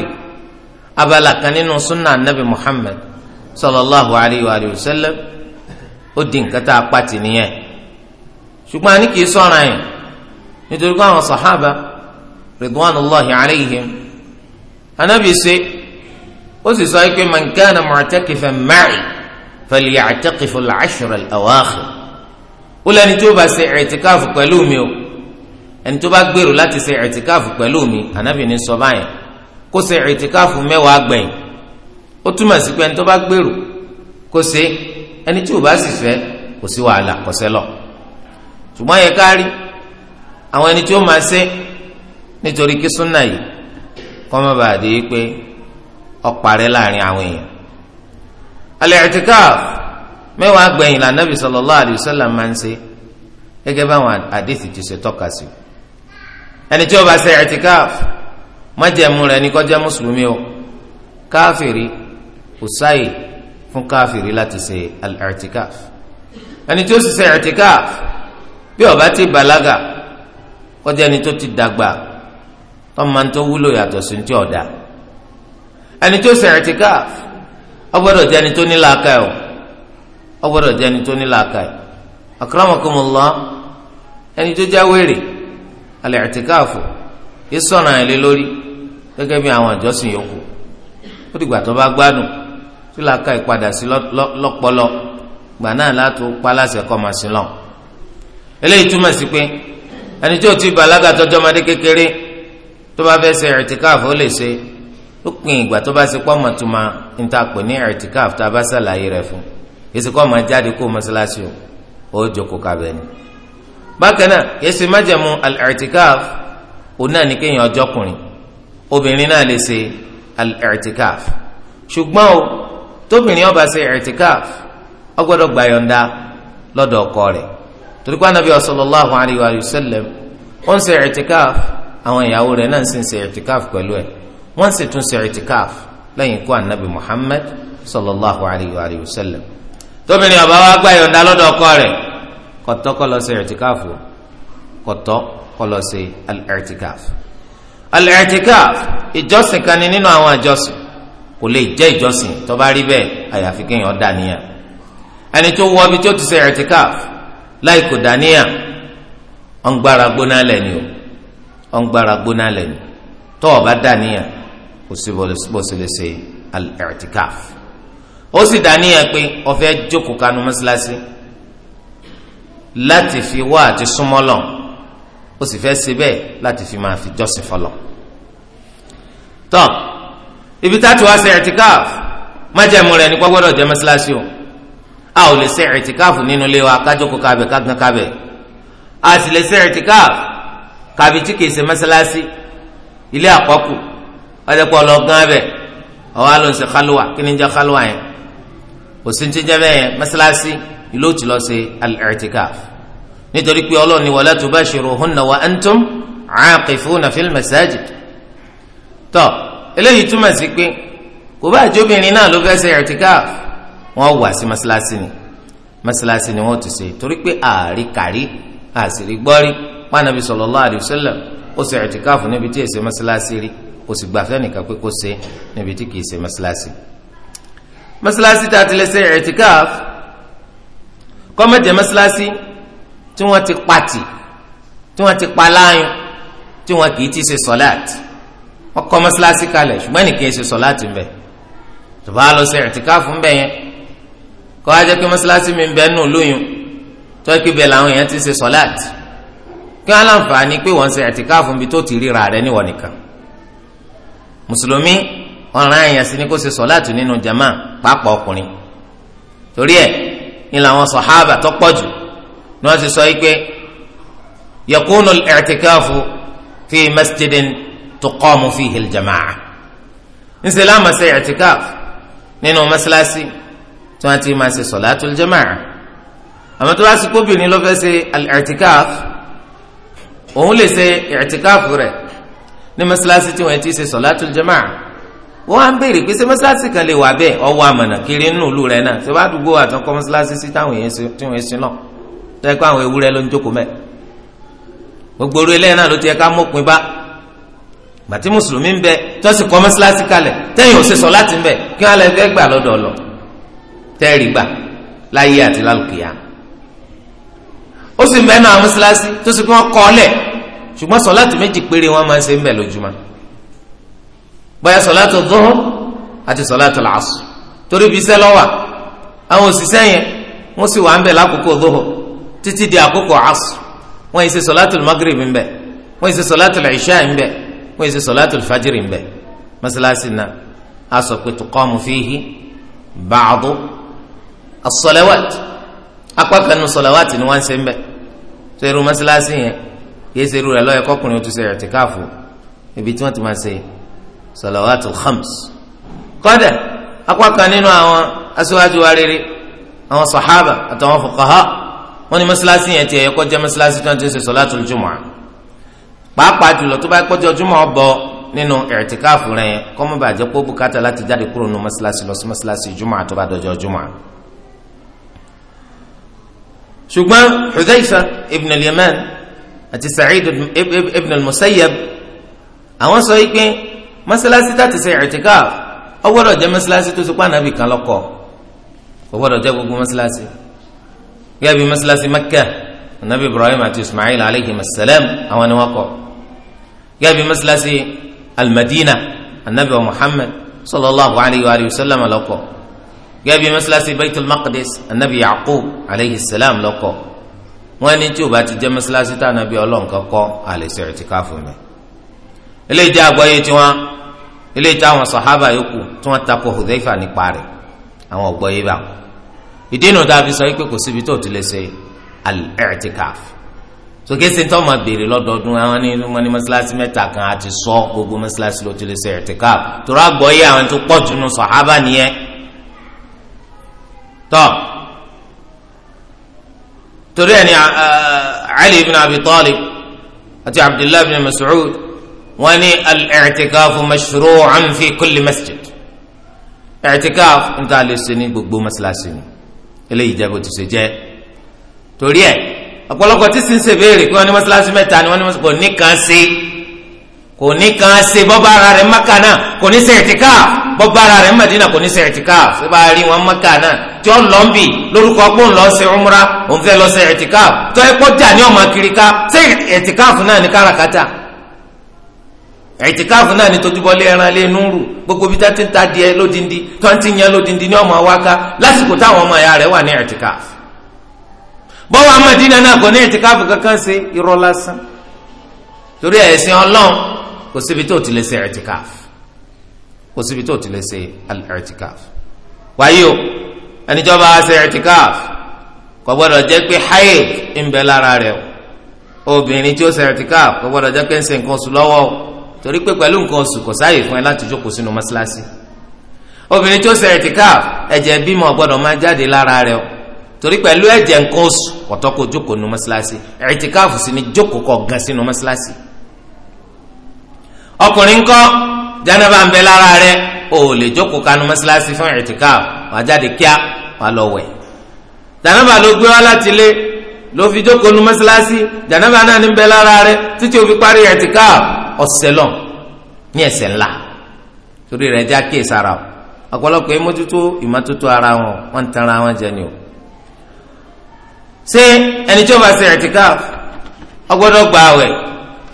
Speaker 1: abala kan nínú sunna anabi Muhammad sallallahu alayhi wa sallam ó di nǹkan tá a pàtì nìyẹn ṣùgbọ́n a ní kì í sọ̀ràn yẹn nítorí pé àwọn sàhábà ridwanullahi alayhim anábì ṣe ó sì sọ pé man kana mu'takifan ma'i falya'takif al-ashr al-awakhir ó lẹ́ni tó bá ṣe ẹ̀tìkáàfù pẹ̀lú mi o ẹni tó bá gbèrò láti ṣe ẹ̀tìkáàfù pẹ̀lú mi anábì ní sọ báyẹn kó ṣe ẹ̀tìkáàfù mẹ́wàá gbẹ̀yìn ó túmọ̀ sí pé ẹni tó bá gbèrò kó ṣe ẹni tí bá sì fẹ́ kò sí wàhálà kọ́sẹ́ lọ ṣùgbọ́n yẹ kárí àwọn ẹni tí ó máa ṣe nítorí kí súnà yìí kọ́ má bàa dé pé ọ̀parẹ́ láàrin àwọn èèyàn. al-i'tikaf mẹ́wàá gbẹ̀yìn la Nabi sallallahu alayhi wa sallam máa ń ṣe gẹ́gẹ́ báwọn àdéhìí ti ṣe tọ́ka sí. ẹni tí ó bá ṣe i'tikaf májẹ̀mú rẹ̀ ní kó mùsùlùmí o káfìrí kò sáyè fún káfìrí láti ṣe al ẹni tí ó sì ṣe i'tikaf bí ọba ti bàlágà kọjá ẹni tó ti dàgbà tọ́mọ tó wúlò yàtọ̀ sí ti ọ̀dà ẹni tó ṣe ẹ̀tíkáf ọgbọ́dọ̀ jẹ́ ẹni tó ní làákàyè o ọgbọ́dọ̀ jẹ́ ẹni tó ní làákàyè akramakumullah ẹni tó já wèrè alẹ́ ẹ̀tíkáfù yìí sọ̀rọ̀ àyìn lórí gẹ́gẹ́ bí àwọn àjọsìn yòókù ó dìgbà tó bá gbádùn tí làákàyè padà sí lọ́pọlọ gbà náà látò pálásẹ̀ kọ́ eléyìí túmọ̀ sí pé ẹni tí o ti balaga tọjọ́ ọmọdé kékeré tó bá fẹ́ ṣe ẹ̀rìtìkáàfù ó lè ṣe ó pin ìgbà tó bá ṣe pọ́nmọ̀ tó máa ń ta pè ní a bá ṣàlàyé rẹ̀ fún kọ́ jáde kó o ó jókòó ni. bákan náà èsì májẹ̀mú ẹ̀rìtìkáàfù òun náà ní kéèyàn ọjọ́kùnrin obìnrin náà lè ṣe ṣùgbọ́n o tóbìnrin ó ṣe ọkọ rẹ̀ torí pé anabi sallallahu alayhi wa sallam ó ń ṣe ẹ̀tìkáf àwọn ìyàwó rẹ̀ náà ń sì ń ṣe ẹ̀tìkáf pẹ̀lú ẹ̀ wọ́n sì tún ṣe ẹ̀tìkáf lẹ́yìn kó anabi muhammad sallallahu alayhi wa sallam tóbìnrin ọba wa gbà yọ̀ǹda lọ́dọ̀ ọkọ rẹ̀ kọ̀tọ́ kọ́ lọ ṣe ẹ̀tìkáf o kọ̀tọ́ kọ́ lọ ṣe ẹ̀tìkáf ìjọsìn kan ni nínú àwọn ìjọsìn kò lè jẹ́ ìjọsìn tó bá rí bẹ́ẹ̀ àyàfi kéèyàn dá ẹni tó wọ ibi tó ti ṣe ẹ̀tìkáf láì kò dàníyà ọ̀ngbára gbóná lẹ́nu o ọ̀ngbára gbóná lẹ́nu tó o bá dàníyà kò sí bó ṣe lè ṣe al-i'tikaf ó sì dàníyà pé o fẹ́ jókòó kanu mọ́ṣáláṣí láti fi wá àti súnmọ́ lọ ó sì fẹ́ ṣe bẹ́ẹ̀ láti fi máa fi jọ́sìn fọlọ́ tọ́ ibi tá a ti wá ṣe i'tikaf májẹ̀mú rẹ̀ ní gbọ́dọ̀ jẹ́ mọ́ṣáláṣí o a ò lè ṣe ẹ̀tìkáàfù nínú ilé wa kájókòó kábẹ̀ kágan kábẹ̀ a sì lè ṣe ẹ̀tìkáàfù kábi tí kìí ṣe mọ́sálásí ilé àkọ́kù ọ̀dẹ́pọ̀ ọlọ́gán abẹ ọ̀wá ló ń ṣe kálúwà kí ni ń jẹ́ kálúwà yẹn kò sí ti jẹ́ bẹ́ẹ̀ mọ́sálásí ìlú ti lọ ṣe al nítorí pé ọlọ́ọ̀ni wala tubashiruhunna wa antum aaqifuna fil masajid tọ́ eléyìí túmọ̀ sí pé kò bá àjọbìnrin náà ló fẹ́ ṣe i'tikaf wọ́n wà sí mọ́sálásí ni mọ́sálásí ni wọ́n ti ṣe torí pé ààrí kárí àṣírí gbọ́rí pàànàbí sallallahu alaihi wasallam ó ṣe ẹ̀tìkáàfù níbi tí èsè mọ́sálásí rí ó sì gbàfẹ́ nìkan pé kó ṣe níbi tí kìí ṣe mọ́sálásí. mọ́sálásí tá a ti lè ṣe ẹ̀tìkáàfù kọ́mẹ́jẹ̀ mọ́sálásí tí wọ́n ti pati tí wọ́n ti pa láàyàn tí wọ́n kìí ti ṣe sọ́láàtì wọ́n kọ́ mọ́sálásí kalẹ̀ ṣùgbọ́n nìkan ṣe sọ́láàtì ń bẹ̀ tó bá lọ ṣe ẹ̀tìkáàfù ń bẹ̀ yẹn kọ́ ajẹ́ pé mọ́sálásí mi ń bẹ nù lóyún tó ẹ́ pé bẹ́ẹ̀ làwọn èèyàn ti ṣe sọ́láàtì kí wọ́n láǹfààní pé wọ́n ṣe àtìkáàfù níbi tó ti ríra rẹ̀ níwọ̀n nìkan mùsùlùmí ọ̀ràn èèyàn sí ni kó ṣe sọ́láàtì nínú jama pàápàá ọkùnrin torí ẹ̀ ni làwọn sọ̀háàbà tó pọ̀ jù ni wọ́n ti sọ yìí pé yakunu ẹ̀tìkáàfù fi masjidin tuqamu fihi al-jama'a ń ṣe láàmà ṣe ẹ̀tìkáàfù nínú mọ́sálásí tí wọ́n ti máa ṣe solatul jamaa àmọ́ tó bá sì kóbìnrin ló fẹ́ ṣe al-i'tikaf òun lè ṣe i'tikaf rẹ̀ ní mọ́ṣáláṣí tí wọ́n ti ṣe solatul jamaa wọ́n á béèrè pé ṣé mọ́ṣáláṣí kan lè wà bẹ́ẹ̀ ọwọ́ àmọ̀nà kiri nínú ìlú rẹ̀ náà ṣé wàá dùgbò àtọkọ mọ́ṣáláṣí sí táwọn èèyàn tí wọ́n ṣe náà tó yẹ kó àwọn ewúrẹ́ ló ń jókòó mẹ́ gbogbo orí ẹlẹ́yìn náà ló ti yẹ ká mọ́pin bá gbàtí mùsùlùmí ń bẹ tó sì kọ́ mọ́ṣáláṣí kalẹ̀ tẹ́yìn ò ṣe sọ láti ń bẹ kí wọ́n á lẹ́ gbà lọ́dọ̀ tẹ́ẹ̀rì gbà láyé àti lálùkìyà ó sì mẹ́nu àwọn mọ́sálásí tó sì kí wọ́n kọ́ ọ́lẹ̀ ṣùgbọ́n sọ̀láàtù méjì péré wọ́n máa ń ṣe ń bẹ̀ lójúmọ́ bóyá sọ̀láàtù dhuhr àti sọ̀láàtù làásù torí ibi iṣẹ́ lọ́wà àwọn òṣìṣẹ́ yẹn wọ́n sì wà ń bẹ̀ lákòókò dhuhr títí di àkókò àásù wọ́n yìí ṣe sọ̀láàtù magrib ń bẹ̀ wọ́n yìí ṣe sọ̀láàtù ìṣá ń bẹ̀ wọ́n yìí ṣe sọ̀láàtù fajiri ń bẹ̀ mọ́sálásí náà a sọ pé tuqamu fihi ba'du as-salawat apá kan nínú salawat ni wọ́n ń ṣe ń bẹ̀ tó irú mọ́sálásí yẹn kìí ṣe irú rẹ̀ lọ́yẹ̀ kọkùnrin tó ṣe i'tikafu ibi tí wọ́n ti máa ṣe salawatul khams kọ́dà apá kan nínú àwọn aṣáájú wa rere àwọn sahaba àtàwọn fuqaha wọ́n ní mọ́sálásí yẹn ti ẹ̀yẹ́kọ́ jẹ́ mọ́sálásí tí wọ́n ti ń ṣe salatul jumu'ah pàápàá jùlọ tó bá kọjọ jùmọ̀ ọ̀bọ nínú ẹ̀rìtìkáàfù rẹ̀ kọ́mọ́bàjẹ́ kó bùkátà láti jáde kúrò nínú mọ́sálásí lọ sí mọ́sálásí jùmọ̀ àtọ́bàdọ́jọ́ jùmọ̀ ṣùgbọ́n Hudhaifa ibn al-Yaman àti Sa'id ibn al-Musayyab àwọn sọ yìí pé mọ́sálásí tá ti ṣe ìtìkáf ó gbọ́dọ̀ jẹ́ mọ́sálásí tó ti pa ànábì kan lọ́kọ̀ ó gbọ́dọ̀ jẹ́ gbogbo mọ́sálásí gẹ́gẹ́ bí mọ́sálásí Makkah ànábì Ibrahim àti Ismail alayhi masalam àwọn ni wọ́n kọ́ gẹ́gẹ́ bí mọ́sálásí al-Madina ànábì wa Muhammad sallallahu alayhi wa sallam lọ́kọ̀ọ́ gẹ́gẹ́ bí mọ́sálásí baitul maqdis anabi yaqub aleyhi salam lọ́kọ̀ wọ́n ní tí o bá ti jẹ́ mọ́sálásí tá anabi ọlọ́run kan kọ́ àlẹ́sẹ̀ rẹ̀ ti ká fún mi. ilé ìjà àgbọ̀yé tiwọn ilé ìjà àwọn sàhábà yòókù tí wọ́n takò hudhaifa nípa rẹ̀ àwọn ọ̀gbọ̀yé bá wọn. ìdí inú tá a fi sọ pé kò síbi tó ti lè ṣe al-i'tikaf. sókè sí tó máa béèrè lọ́dọọdún àwọn tọ́ torí ẹni uh, Ali ibn Abi Talib àti Abdullahi ibn Mas'ud wọ́n ní al-i'tikafu mashru'an fi kulli masjid i'tikaf níta lè ṣe ní gbogbo masalasi ni eléyìí jẹ́ bó ti ṣe jẹ́ torí ẹ̀ ọ̀pọ̀lọpọ̀ tí sì ń béèrè pé wọ́n ní masalasi mẹ́ta ni wọ́n ní masalasi kò ní kan sí kò ní kan se bọ́bá ara rẹ̀ maka náà kò ní ṣe ẹ̀tíkà bọ́bá ara rẹ̀ madina kò ní ṣe ẹ̀tíkà ṣé bá rí wọn maka náà tí ó lọ́n bì lórúkọ pé ń lọ ṣe òun fẹ́ lọ ṣe ẹ̀tíkà tó ẹ kọjá ní ọmọ kirika ẹ̀tíkà fún náà ní kárakáta ẹ̀tíkà fún náà ní ẹran ta ti ní ọmọ wáká lásìkò táwọn ọmọ kò síbi tó ti lè ṣe ẹ̀tìkáf kò síbi tó ti lè ṣe ẹ̀tìkáf wáyé o ẹnìjọba ṣe ẹ̀tìkáf kò gbọdọ̀ jẹ́ pé háyè ń bẹ lára rẹ̀ o obìnrin tí ó ṣe ẹ̀tìkáf kò gbọdọ̀ jẹ́ pé ń ṣe nǹkan oṣù lọ́wọ́ o torí pé pẹ̀lú nǹkan oṣù kò sáàyè fún ẹ láti jókòó sínú mọ́ṣáláṣí obìnrin tí ó ṣe ẹ̀tìkáf ẹ̀jẹ̀ bímọ gbọdọ̀ máa jáde lára rẹ̀ o torí pẹ̀lú ẹ̀jẹ̀ nǹkan oṣù kò tọ́ jókòó sínú mọ́ṣáláṣí ẹ̀tìkáf sì ni jókòó kó gan sínú mọ́ṣáláṣí ọkùnrin ńkọ́ jánaba ń bẹ lára rẹ o ò lè jókòó kanu mọ́ṣáláṣí fún ìtìká wàá jáde kíá wàá lọ wẹ̀ jánaba ló gbé wá láti lé ló fi jókòó nu mọ́ṣáláṣí jánaba náà ń bẹ lára rẹ títí o fi parí ìtìká ọ̀sẹ̀ lọ ní ẹ̀ṣẹ̀ ńlá torí rẹ̀ já kí ìsara o ọ̀pọ̀lọpọ̀ ìmọ́tótó ìmọ́tótó ara wọn wọ́n ń tan wọn jẹ ni o ṣé ẹni tí ó bá ṣe ìtìká ó gbọ́dọ̀ gba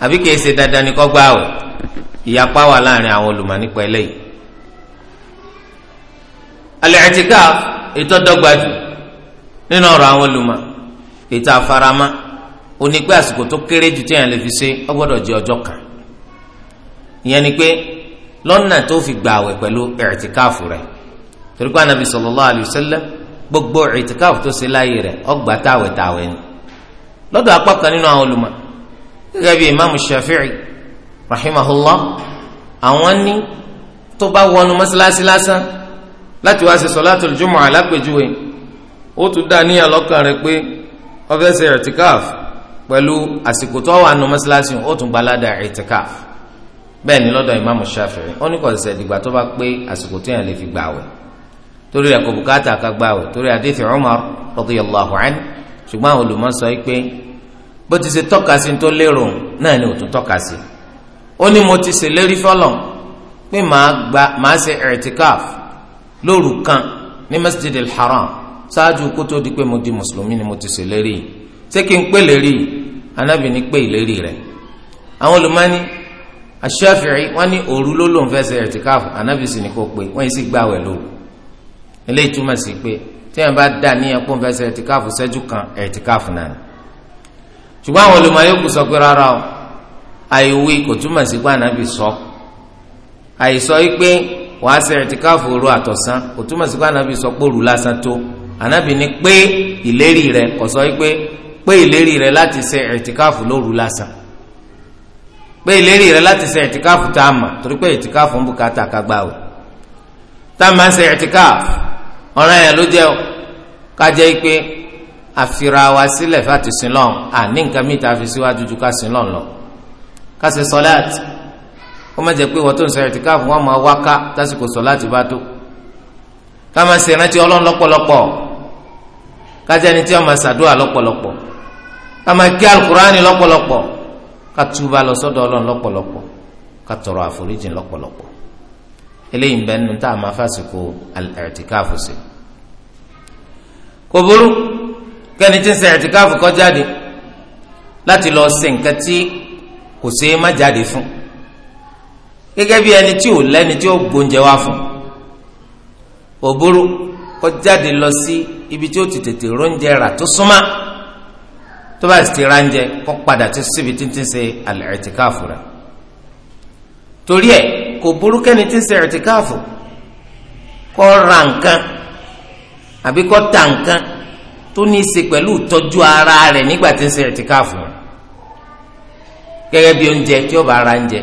Speaker 1: àbí kìí ṣe dandan ni kó gbà o ìyapa wà láàrin àwọn olùmọ̀ nípa eléyìí. al-i'tikaf ètò dọ́gbadù nínú ọ̀rọ̀ àwọn olùmọ̀ ètò àfaramá onígbé àsìkò tó kéré jù lè fi ṣe ọ gbọ́dọ̀ jẹ́ ọjọ́ kan ìyẹn ni pé lọ́nà tó fi gbà àwẹ̀ pẹ̀lú i'tikaf torí pé anabi gbogbo tó ṣe láàyè rẹ̀ ni lọ́dọ̀ apá kan nínú àwọn gẹ́gẹ́ bí imaamu shafi'i rahimahullah àwọn ní tó bá wọnú mọ́sálásí lásán láti wá sí sọláàtù jùmọ̀ alápèjúwe ó tún dá níyà lọ́kàn rẹ̀ pé ó fẹ́ ṣe ẹ̀tìkáf pẹ̀lú àsìkò tó wà nù mọ́sálásí ó tún gbalada ẹ̀tìkáf bẹ́ẹ̀ ni lọ́dọ̀ imaamu shafi'i ó ní kò ṣẹ̀ṣẹ̀ dìgbà tó bá pé àsìkò tó yàn lè fi gbààwẹ̀ torí ẹ̀ kò bùkátà ká gbààwẹ̀ torí hadith Umar radiyallahu ṣùgbọ́n àwọn olùmọ̀ sọ bó ti ṣe tọ́ka sí tó lérò náà ni òtún tọ́ka sí ó ní mo ti ṣèlérí fọlọ́ pé màá gba màá ṣe ẹ̀rẹ̀tìkáf lóru kan ní masjid al-haram ṣáájú kó tó di pé mo di mùsùlùmí ni mo ti ṣèlérí ṣé kí n pè lérí anábì ní pé ìlérí rẹ̀ àwọn olùmọ́ni aṣáfìrí wọn ní òru ló lòún fẹ́ ṣe ẹ̀rẹ̀tìkáf anábì sì ní kó pé wọ́n yìí sì gbàwẹ̀ lóru eléyìí túmọ̀ sí pé tí wọ́n bá dà ní ẹ̀kọ́ fẹ́ ṣe ẹ̀rẹ̀tìkáf ṣẹ́jú kan ẹ̀rẹ̀tìkáf náà ṣùgbọ́n àwọn olùmọ̀ yòókù sọ pé rárá o àìwí kò túmọ̀ sí pé ànábì sọ àìsọ yìí pé wàá ṣe atọsan òru àtọ̀sán kò túmọ̀ sí pé ànábì sọ pé òru lásán tó ànábì ní pé ìlérí rẹ̀ kò sọ yìí pé pé ìlérí rẹ̀ láti ṣe ẹ̀tìkáàfù lóru lásán pé ìlérí láti ṣe tá a mọ̀ torí pé o ṣe ọ̀ràn yẹn ló àfira wa sílẹ̀ fati sinlọ́n àní nǹkan mìíràn tàfi síwájú ju ká sinlọ́n lọ. ká ṣe sọláàtì ó má jẹ́ pé wọ́n tó ń sọ̀rọ̀ ìtìká fún wọn máa wá ká tásìkò sọláàtì bá tó. ká máa ṣe ìrántí ọlọ́run lọ́pọ̀lọpọ̀ ká jẹ́ ẹni tí wọ́n máa ṣàdúrà lọ́pọ̀lọpọ̀ ká máa kí alukurani lọ́pọ̀lọpọ̀ ká túbà lọ sọ́dọ̀ ọlọ́run lọ́pọ̀lọpọ̀ ká tọrọ kẹ́ni tí ń ṣe ẹ̀tìkáàfù kó jáde láti lọ ṣe nǹkan tí kò ṣe é má jáde fún gẹ́gẹ́ bí ẹni tí ò lẹ́ni tí ó gbóúnjẹ wá fún òbúrú kó jáde lọ sí ibi tí ó ti tètè róúnjẹ rà tó súnmọ́ tó bá sì ti ránjẹ kó padà tó síbi tí ń ti ṣe ẹ̀tìkáàfù rẹ̀ torí ẹ̀ kò burú kẹ́ni tí ń ṣe ẹ̀tìkáàfù kó ra nǹkan àbí kó ta nǹkan tó ní í ṣe pẹ̀lú ìtọ́jú ara rẹ̀ nígbà tí ń ṣe ẹ̀tíkáàfù gẹ́gẹ́ bí oúnjẹ tí ó bá ra oúnjẹ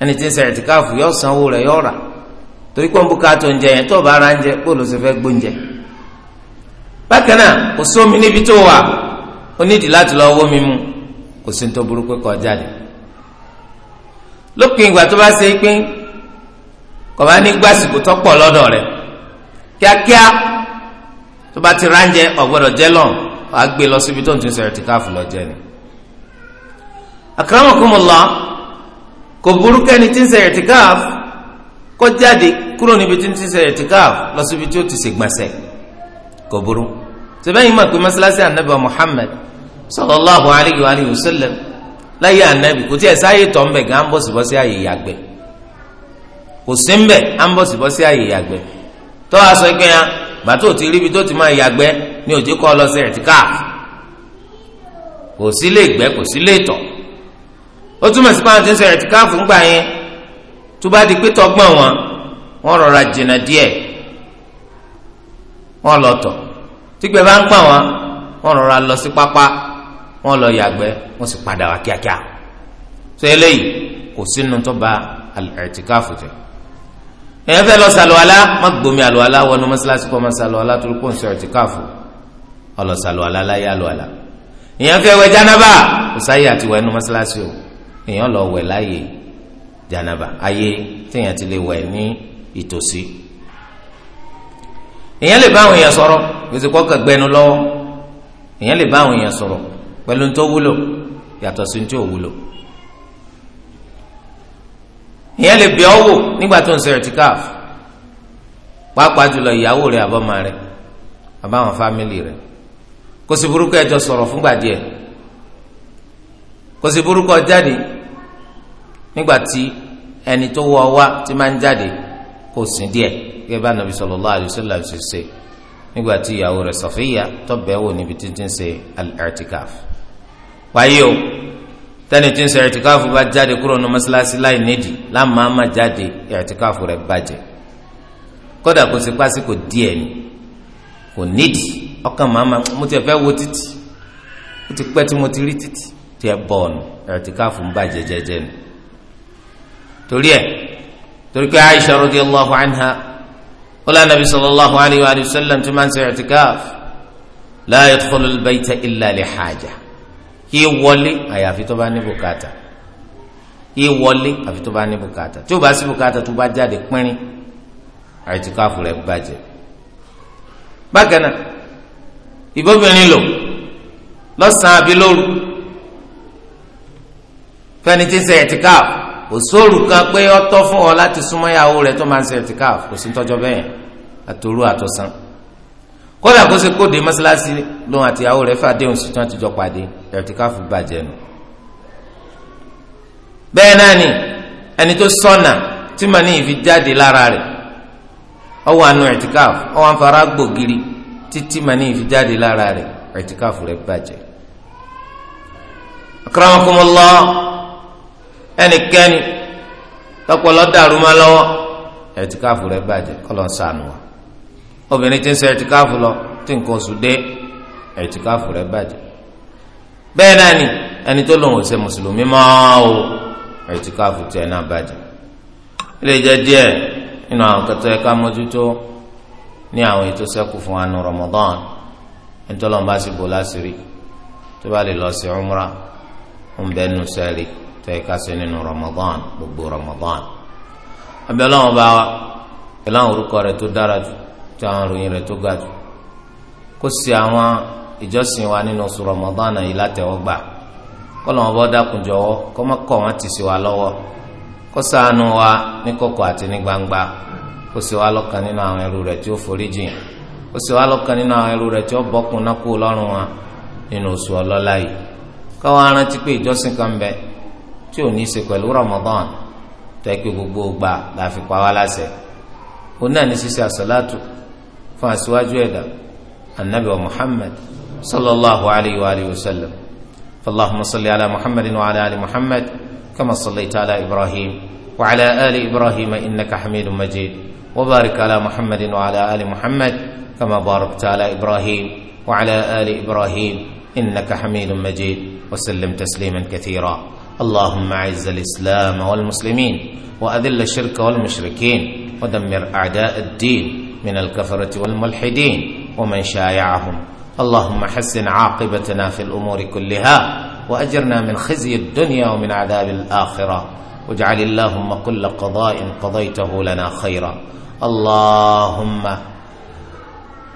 Speaker 1: ẹni tí ń ṣe ẹ̀tíkáàfù yóò sanwó rẹ̀ yóò rà torí pé ń bùkátà oúnjẹ yẹn tó bá ra oúnjẹ kó ló ṣe fẹ́ gbóúnjẹ. bákan náà kò sómi níbi tó wà ó nídìí láti lọ wó mi mú kò sí tó burú pé jáde lópin ìgbà tó bá ṣe pín kò ní gbàsìkò tó lọ́dọ̀ rẹ̀ kíákíá tó bá ti ránjẹ ọ̀gbọ́dọ̀ jẹ́ lọ wàá gbé lọ síbi tó ń tún sẹ̀rẹ̀ tìkáàfù lọ jẹ ni. akramakumullah kò burú kẹ́ni tí ń sẹ̀rẹ̀ tìkáàfù jáde kúrò níbi tí ń tún lọ síbi tí ti kò burú. mọ̀ pé sallallahu alayhi wa sallam láyé ànábì kò tí sáyé tọ̀ ń bẹ̀ gan bọ́sibọ́sí àyè yàgbẹ́ kò sí sọ gbàtó ti ríbi tó ti máa yàgbẹ́ ní òjò kọ́ lọ sí ẹ̀tíkáàf kò sí lè gbẹ́ kò sí lè tọ̀ ó túmọ̀ sí pàǹtí sọ ẹ̀tíkáàf ńgbà yẹn tó bá di pé tọgbọ́n wọn wọn rọra jìnnà díẹ̀ wọn lọ tọ̀ tígbẹ́ bá ń pọ̀ wọn wọn rọra lọ sí pápá wọn lọ yàgbẹ́ wọn sì padà wá kíákíá sọ eléyìí kò sínú tó ba ẹ̀tíkáàf jẹ́ èèyàn fẹ́ lọ sàlùwàlá má gbomi àlùwàlá wọnú mọ́sálásí kọ́ máa sàlùwàlá torí pọ̀ ń sọ ọ̀tí káàfù ọlọ sàlùwàlá láyé àlùwàlá èèyàn fẹ́ wẹ̀ jánábà kò sáyé àti wẹ̀ nú mọ́sálásí o èèyàn lọ wẹ̀ láyé jánábà ayé téèyàn ti lè wẹ̀ ní ìtòsí
Speaker 2: èèyàn lè bá àwọn èèyàn sọ̀rọ̀ gbèsè kọ́kọ́ gbẹnu lọ́wọ́
Speaker 1: èèyàn lè bá àwọn èèyàn sọ̀rọ̀ pẹ̀lú ní tó wúlò yàtọ̀ sí ní tí ò wúlò
Speaker 2: ìyẹn lè bẹ̀ ọ́ wò
Speaker 1: nígbà tó ń ṣe ẹ̀tíkáf pàápàá jùlọ ìyàwó rẹ̀ àbọ̀mọ rẹ̀ àbáwọn fámìlì rẹ̀ kò sí burúkú ẹjọ sọ̀rọ̀ fúngbà díẹ̀
Speaker 2: kò sí burúkú ọjáde
Speaker 1: nígbà tí ẹni tó wọ wá máa ń jáde kò sí bá nàbí alaihi wasallam ṣe ṣe nígbà tí ìyàwó Sọfíyà wò níbi títí ń ṣe tẹ́ni tí ń ṣe ẹ̀tìkáàfù bá jáde kúrò ní mọ́ṣáláṣí láì nídìí lámàámà jáde ẹ̀tìkáàfù rẹ̀ bàjẹ́ kódà kò sí pásíkò díẹ̀ ni kò nídìí ọkàn màmá mo ti fẹ́ wo títì ó ti pẹ́ tí mo ti rí títì tí ẹ bọ̀ ọ̀nù ẹ̀tìkáàfù ń bàjẹ́ jẹjẹ ni. torí ẹ torí pé Aisha radiyallahu anha ó lẹ́nu sallallahu alayhi wa sallam tí máa ń ṣe ẹ̀tìkáàfù la yadkhulul bayta illa li haja kí wọlé àyàfi tó bá ní bùkátà kí wọlé àfi tó bá ní bùkátà tí ó bá sí bùkátà tó bá jáde pínrín àìtíkáfù rẹ̀ bàjẹ́ bákan náà ìbóbìnrin lò lọ́sàn-án àbí lóru fẹ́ni tí ń ṣe ẹ̀tíkáfù òṣòro kan pé ó tọ́ fún ọ láti súnmọ́ ìyàwó rẹ̀ tó máa ń ṣe ẹ̀tíkáfù kò sí tọ́jọ́ bẹ́ẹ̀ àtòrú àtọ̀sán kódà kó ṣe kóde mọ́ṣáláṣí lòun àtìyàwó rẹ̀ fàdéhùn sí tí wọ́n ti jọ pàdé ẹ̀tìkáfù bàjẹ́ nù. bẹ́ẹ̀ náà ni ẹni tó sọ̀nà tí màá ní ìfi jáde lára rẹ̀ ọwọ́ àánú ẹ̀tìkáfù ọwọ́ àǹfààrà gbògiri títí màá ní ìfi jáde lára rẹ̀ ẹ̀tìkáfù rẹ̀ bàjẹ́. akramakumullah ẹnikẹ́ni tọpọlọ dàrú ma lọ́wọ́ ẹ̀tìkáfù rẹ̀ bàjẹ́ kọ́lọ́ sànù wa obìnrin tí ń ṣe ẹ̀tìkáfù lọ tí nǹkan oṣù dé ẹ̀tìkáfù rẹ̀ bàjẹ́ bẹ́ẹ̀ náà ni ẹni tó lòun ò ṣe mùsùlùmí máa o ẹtì káfù tiẹ̀ náà bàjẹ́ ilé jẹ́ díẹ̀ nínú àwọn kẹtọ ẹ ká mójútó ní àwọn ètò sẹ́kù fún wa ní Ramadan ẹni tó lòun bá sì bò láṣìírí tó bá lè lọ sí umra ń bẹ nù sẹ́ẹ̀lì tó ẹ ká sí nínú Ramadan gbogbo Ramadan abẹ́ ọlọ́run bá wa pẹ̀lú àwọn orúkọ rẹ̀ tó dára jù tí àwọn ìròyìn rẹ̀ tó ga jù kó sì àwọn. ìjọsìn wa nínú oṣù Ramadan yìí látẹ̀wọ́gbà kọ́lọ́mọ bọ́ dákun jọ̀wọ́ kọ́mọ kọ́ wọn ti sí wa lọ́wọ́ kó ṣàánú wa ní kọ̀kọ̀ àti ní gbangba kó sì wá lọ́kàn nínú àwọn ẹrú rẹ̀ tí ó foríjìn kó sì lọ́kàn nínú àwọn ẹrú rẹ̀ tí ó náà kú lọ́rùn wa nínú oṣù ọlọ́lá yìí káwọn arántí pé ìjọsìn kan bẹ tí ò ní í ṣe pẹ̀lú Ramadan tẹ́ gbogbo صلى الله عليه واله وسلم فاللهم صل على محمد وعلى ال محمد كما صليت على ابراهيم وعلى ال ابراهيم انك حميد مجيد وبارك على محمد وعلى ال محمد كما باركت على ابراهيم وعلى ال ابراهيم انك حميد مجيد وسلم تسليما كثيرا اللهم اعز الاسلام والمسلمين واذل الشرك والمشركين ودمر اعداء الدين من الكفره والملحدين ومن شايعهم اللهم حسن عاقبتنا في الأمور كلها وأجرنا من خزي الدنيا ومن عذاب الآخرة واجعل اللهم كل قضاء قضيته لنا خيرا اللهم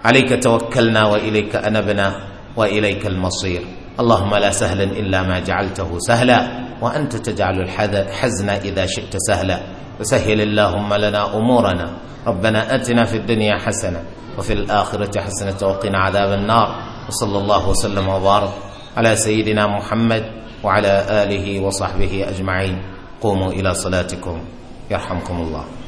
Speaker 1: عليك توكلنا وإليك أنبنا وإليك المصير اللهم لا سهلا إلا ما جعلته سهلا وأنت تجعل الحزن إذا شئت سهلا وسهل اللهم لنا أمورنا ربنا أتنا في الدنيا حسنة وفي الآخرة حسنة وقنا عذاب النار وصلى الله وسلم وبارك على سيدنا محمد وعلى آله وصحبه أجمعين قوموا إلى صلاتكم يرحمكم الله